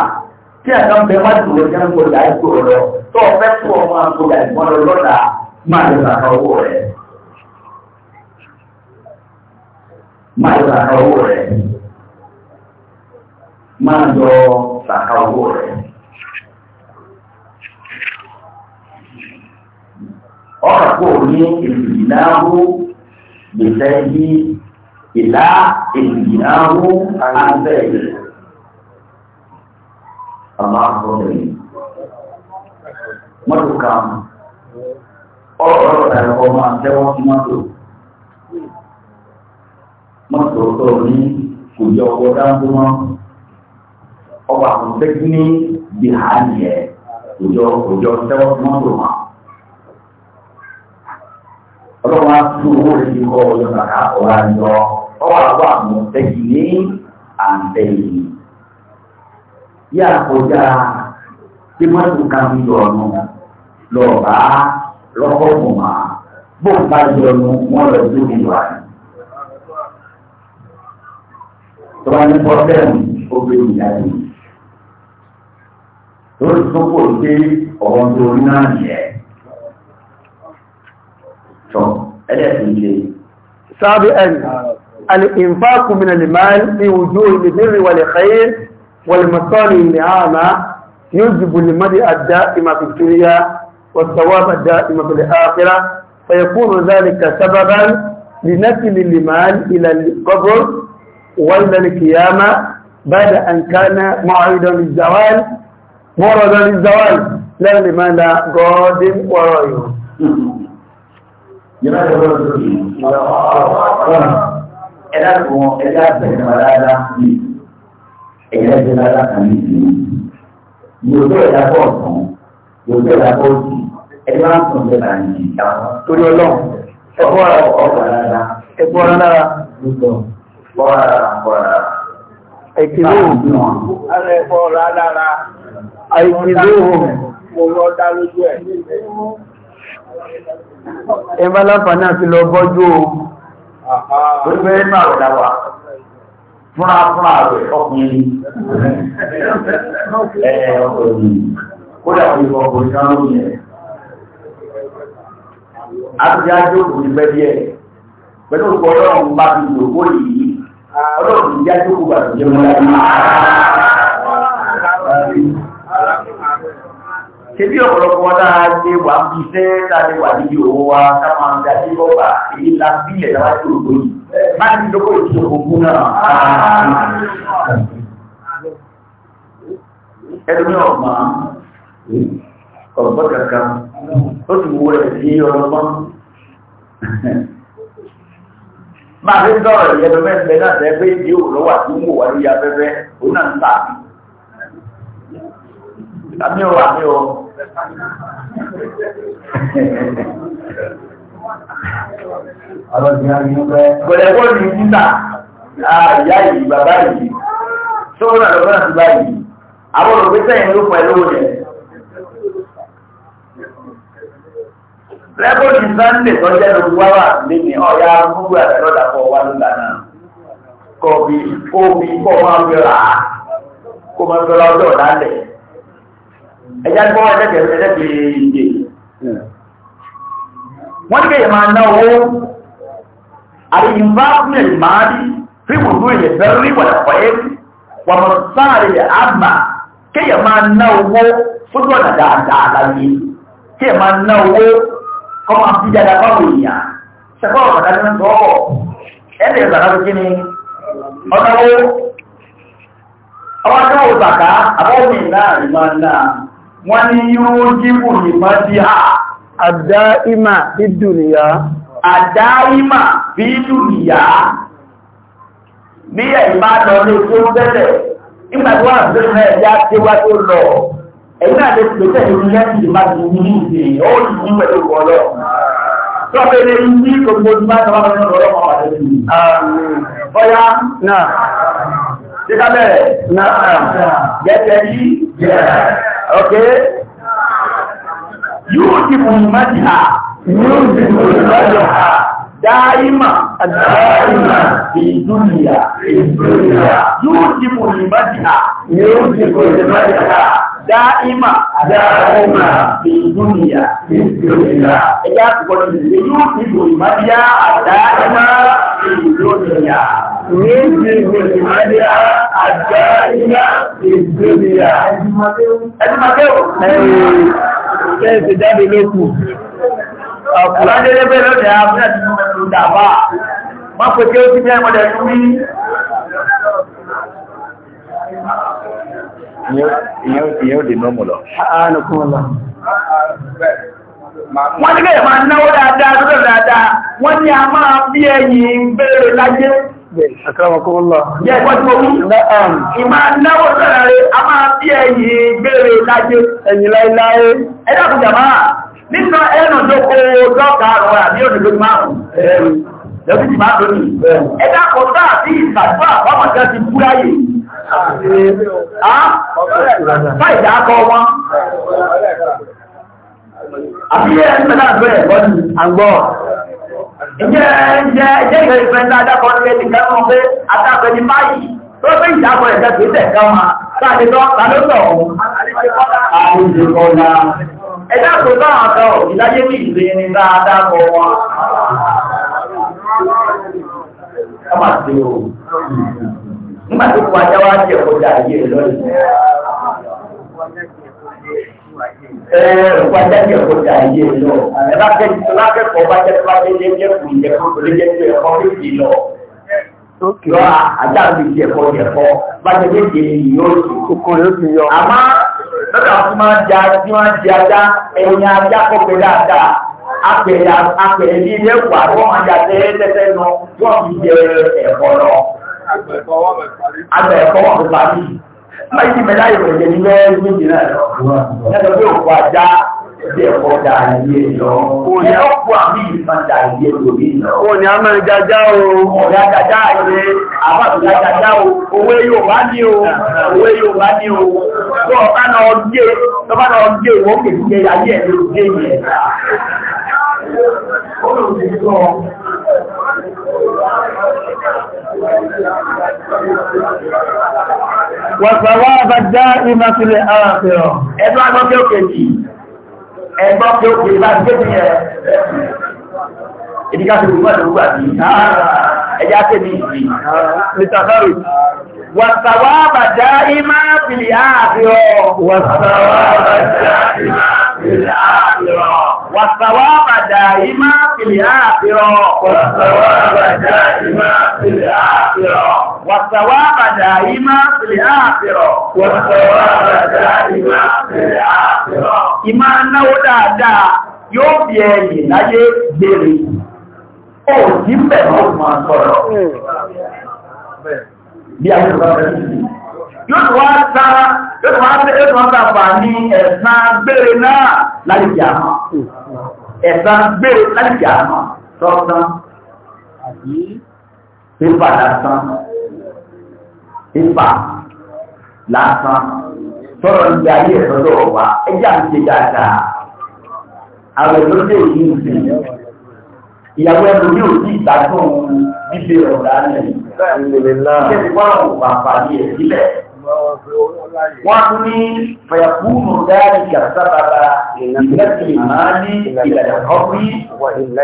tí àtọ́ ń bẹ wájú rẹ̀ jẹ́ ń gbọ́dọ̀ rẹ̀ lọ máa lè sàkà owó rẹ̀. Máa lè sàkà owó rẹ̀. Máa lọ sàkà owó rẹ̀. Ọ̀rọ̀ kò ní èlù ìnáwó gbèsè yí ìlà èlù ìnáwó àbẹ̀rẹ̀. Àmọ́ àkọọ́lẹ̀ yìí. Mọ́tò kan ọ̀rọ̀ ọ̀rọ̀ ẹ̀kọ́ máa tẹ́wọ́ sí mọ́tò mọ́tò tó ní kò jọ ọwọ́ dáńgó mọ́ ọba kò tẹ́kí ní bìhání ẹ̀ kò jọ kò jọ tẹ́wọ́ sí mọ́tò mọ́ ọlọ́wọ́ á tún owó rẹ̀ ti kọ́ ọjọ́ kàkà ọ̀rá yọ ọwọ́ àwọn àwọn tẹ́kí ní àǹtẹ̀yìn yíyá kọjá tí mọ́tò kan ń yọ ọ̀nà lọ́ọ̀bá. lọ́kọ́ fún wa bó bá yọ nu wọ́n lọ sí ìlú wa. tọ́wọ́n ní pọ́tẹ́ẹ̀mù obìnrin ìyáde lórí tó kò dé ọ̀rọ̀ tó rí náà yẹ. tọ́ ẹlẹ́sìn ṣe. sábẹ́ ẹ̀ الإنفاق من المال في وجوه البر والخير والمصالح العامة يجب المرء الدائم في الدنيا والثواب الدائم في الآخرة فيكون ذلك سببا لنقل المال إلى القبر وإلى القيامة بعد أن كان موعدا للزوال مرضا للزوال لا لمال قادم ورائه ẹlẹ́gbọ̀n yóò jẹ́ ìyá bọ́ọ̀dì ẹ máa ń sùn lẹ́bàá ní ìjà wọn. torí ọlọ́run ẹ̀kọ́ ara ọ̀pọ̀ rárá ẹ̀kọ́ ara rárá. ẹ̀kọ́ ara rárá. ẹ̀kìlú ara ẹ̀kọ́ rárá. àìkìlú mo lọ dá lójú ẹ̀. ẹ bá láǹfààní àti lọ bọ́jú o. ó fẹ́ máa wọ̀ dá wà fúnra fúnra rẹ̀ ọkùnrin. ẹ ọkùnrin kódà kò yọ ọkọ̀ ìṣá lórí ẹ̀. Àti ajé òkùn ti bẹ́ẹ̀ díẹ̀. Pẹ̀lú òkú ọlọ́run bá ti lò ó yìí, ọlọ́run ti jáde òkú bàtí jẹ́ mọ́lá yìí. Ṣébí ọ̀pọ̀lọpọ̀ wọn náà ṣe wà bí iṣẹ́ láti wà níbi òwò wa ká máa ń darí bọ́bà èyí la bílẹ̀ láwá sí òkú yìí. Má ti dókòó ìṣòro ogún náà ẹlòmíràn máa ọ̀pọ̀ kankan ó ti wọ ẹ̀ sí ọlọ́mọ. máa fi ń dọ̀rọ̀ ìyẹn bẹ́ẹ̀ náà tẹ́ pé ìdí òwúrọ̀ wà tí ń wò wá ní abẹ́fẹ́ òun náà ń tà mí. àmì ò àmì ò. ọlọ́dún ayé ń bẹ́. gbọ̀dẹ̀gbọ́ ni títà ìyá yìí bàbá yìí sọ́wọ́n lẹ́kọ̀ọ́dì sànńdè tọ́jẹ́ ló wá wà lẹ́ni ọ̀yá gbogbo àtẹ́lọ́dà kọ́ wá lọ́dà náà bí kó bí kọ́ máa ń fẹ́ra kó máa ń fẹ́ra ọjọ́ ọ̀dálẹ̀ ẹ̀yà gbọ́ ẹ̀dẹ́gbẹ̀ ẹ̀dẹ́gbẹ̀ ìdè wọ́n ní kéèyàn máa kọ́ máa ah? fi dada báwo èèyàn ṣẹ̀kọ́ ọ̀rọ̀ kàkà nínú tọ́ọ̀ ẹ̀ẹ́dẹ̀ ìgbàlá tó kí ni ọ̀nàwó ọwọ́ tó wò bàkà àbọ̀wò ìlà ìmọ̀ ńlá wọ́n ní yóò jíbù nìmọ̀ sí à. àdá ìmà bí dùnìyà. àdá ìmà bí dùnìyà bí ẹ̀ bá lọ ní ojú tẹ́lẹ̀ nígbà tí ẹ̀yìn àti ìpèsè ìlú lẹ́sìn ìbá ní ìdè ó sì ní pẹ̀lú ọlọ́ Tọ́pẹ̀lẹ̀ ní gbogbo ìgbà tọ́wọ́ lọ́wọ́ lọ́wọ́ wà lẹ́sìn. Bọ́yá náà, yóò ti mú ìmájì ha, yóò ti mú ìmájì dáìmà dáìmà ìdúnìyà ìdúnìyà ẹjá àtìkọ́lù ìlú ìbò ìmáyá àdáìmà ìdúnìyà ìlú ìbò ìmáyá àdáìmà ìdúnìyà ẹjúmọ́tẹ́wò ẹjúmọ́tẹ́wò jáde lókù ọ̀pọ̀lọ́dẹ́lẹ́gbẹ́ lónìí àwọn ẹ̀dùnú mẹ́rin dàbà wọ́n pẹ̀kẹ́ ó ti bí ẹmọ́dẹ̀ lórí ìyẹn ó dì mọ́mù lọ. wọ́n ní bẹ́ẹ̀ máa náwó dáadáa lọ́dọ̀ dáadáa wọ́n ní a máa bí ẹ̀yìn bẹ́ẹ̀rẹ̀ láyé. Àkàràmọ̀kọ́lọ́. Yẹ́ ẹ̀kọ́ tí mo mú. Ìmá náwó sọ̀rọ̀ rẹ̀, a máa bí ẹ̀yìn bẹ́ẹ̀rẹ̀ láyé. Ẹ̀yìn láíláí. Ẹ dákun jàmáà, nígbà ẹ̀nà tó kó dọ́kà àrùn àbí òdòdó márùn-ún lẹ́bí ti máa lórí ẹ̀dá kò sáà sí ìgbàgbọ́ àpamọ̀jẹ́ ti kú láyè fáìdá akọ wọn àbí ẹni mẹ́ta àgbẹ̀ ẹ̀kọ́ ni àgbọ̀ ìjẹ́ ẹ̀jẹ́ ìgbẹ́ ìfẹ́ ní adákọ̀ ní ẹni kẹ́kọ̀ọ́ pé adákọ̀ ní báyìí tó pé ìdákọ̀ ẹ̀jẹ́ kìí tẹ̀ ká máa káàdé tó ta ló sọ ọ̀hún àlejò kọ́lá ẹ̀dá kò sáà àtọ̀ ìdájẹ́ bí ìrìn ní dáadáa kọ wọn ká máa ṣe o nígbà tó kó ajá wá jẹ kọjá ayé rẹ lọ́yìn. Ẹ̀ẹ́dẹ̀kọ́ jẹ kọjá ayé lọ. Ẹ bá kẹ́kọ̀ọ́ bá kẹ́kọ̀ọ́ bá bá jẹ́ jẹ́ jẹ́ kùn jẹ́ kó jẹ́ jẹ́ ẹ̀kọ́ méjì lọ. Lọ ajá mi jẹ ẹ̀kọ́ jẹ ẹ̀kọ́ bá jẹ́ jẹ́ yóò ti yọ. Àmọ́ lọ́dà fún máa ń jẹ ajá ẹ̀yìn ajá kọ́ apẹ̀yà apẹ̀yà bíi mẹ́wàá wọ́n máa ya tẹ́tẹ́tẹ́ lọ wọ́n fi jẹ ẹ̀kọ́ lọ. Àgbẹ̀kọ́ wọ́n fi parí. Máyì ti mẹ́lá ìròyìn ní mẹ́rin méjì náà lọ. Lẹ́nu pé òkú ajá Ó ní a máa jajá o. Ọ̀dá jajá ayé, àbábùdá jajá o. Owó yóò bá ní o. Owó yóò bá ní o. Tó ọ̀ká náà gbé, tó bá náà gbé ìwọ́n kèkè ayé ẹ̀ ló gbé yẹn. Ó lòun ti sọ. Wàsàwà bàjá ìmásílẹ̀ àràfẹ́ ọ̀. Ẹgbẹ́ agbọ́gbẹ́ òkè yìí ẹgbọ́ pé ó pè bá gbé mi ẹ̀ èdè káṣe òwúrọ̀ tó gbà bí ẹjá pé mi ìdí mr wàtàwà bàjá ìmá fìlì ààfihàn wàtàwà bàjá ìmá fìlì ààfihàn wàsàwà àbàdà yìí máa fìlì àfihàn. wàsàwà àbàdà yìí máa fìlì àfihàn. wàsàwà àbàdà yìí máa fìlì àfihàn. wàsàwà àbàdà yìí máa fìlì àfihàn. ìmá náwó dáadáa yóò fi ẹ̀yìn láyé gbèrè. ó ní bẹ̀rẹ̀ ó máa sọ̀rọ̀. Hmm. bí a ti sọ̀rọ̀ yóò tó wá ta yóò tó wá tẹ́ yóò tó wá ta fà ní ẹ̀sán gbére náà láti jà mọ́ ẹ̀sán gbére láti jà mọ́ tọ́sán àbí pépà lásán pépà lásán tọ́rọ ìgbé ayé ìtọ́jọ́ ọ̀wà ẹjá ń ṣe dáadáa àwẹ̀ ló dé ìlú ìsìn ìyàwó ẹnu ní òjì ìgbàgbọ́n bíbélì ọ̀dà nílẹ̀ ìṣẹ́ni wọ́n àwọn àǹfààní ẹ̀ sílẹ̀ wọ́n tún ní fẹ̀yàkúnù dáàrí kàtàbàbà ìlẹ́sì ìmáàlì ìlẹ̀lẹ̀ kọ́bí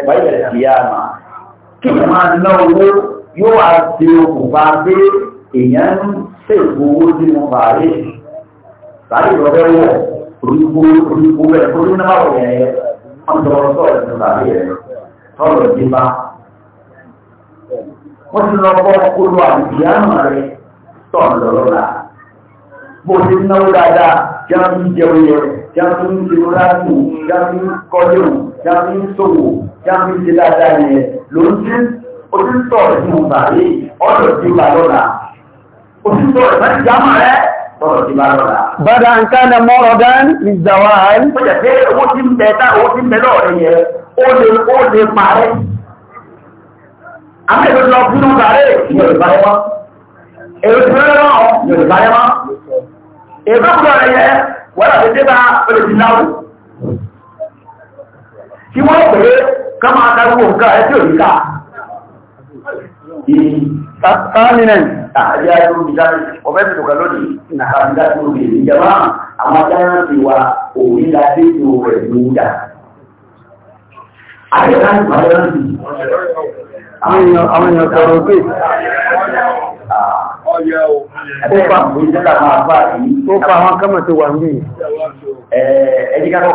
wáyẹ̀lẹ̀ kìyàmà kí ni máa ná owó yóò wá sí okùnfà pé èèyàn ń ṣègbò owó sínú bàárẹ̀ bàárẹ̀ ìrọ̀lẹ́ wọ̀ orígbó orígbó rẹ̀ orí náà wọ̀ yẹn wọ́n tọrọ sọ̀rọ̀ nínú bàárẹ̀ rẹ̀ sọ̀rọ̀ ìdíbà wọ́n ti lọ bọ́ kó lọ àbùkù yánà rẹ̀ tọ̀ lọ́lọ́la bó ti náwó dáadáa tí a fi jẹun yẹn tí a fi ń ṣe ránù tí a fi ń kọ́lẹ̀wò tí a fi ń ṣòwò tí a fi ń ṣe dáadáa yẹn ló ń tí o ti ń tọ̀ ẹ̀sìn ìbàdí ọ̀dọ̀ ti wà lọ́la o ti ń tọ̀ ẹ̀sìn ìjàmà rẹ̀ ọ̀dọ̀ ti wà lọ́la. bàdà nǹkan ẹ̀ mọ́rọ̀ dán ní ìjàwá ẹ̀. ó jẹ́ pé owó ti ń bẹ tá owó ti ń bẹ lọ́ọ̀rẹ́ yẹn ó lè ó lè parẹ́. àmì ìlú lọ bínú bàrẹ́ ìyẹn ìbàrẹ́ mọ́ èbá kúrò rẹ̀ yẹ wọ́n làbẹ́ dé bá olè ti láwù kí wọ́n pè é ká máa dárúkọ nǹkan ẹ̀ tí ò ní ká Sáàmìnà àti àjọ ìdájú ọ̀fẹ́ ti tòkà lónìí nà àbídájú obìnrin ìjọba àwọn ajáyán ti wà òní láti ìlú rẹ̀ ní ìjà. Àyẹ̀ká ti pàdé láti. Àwọn èèyàn tọrọ pé ó fa àwọn kámọ̀ tó wà ní ẹ̀ẹ́dìkàkọ́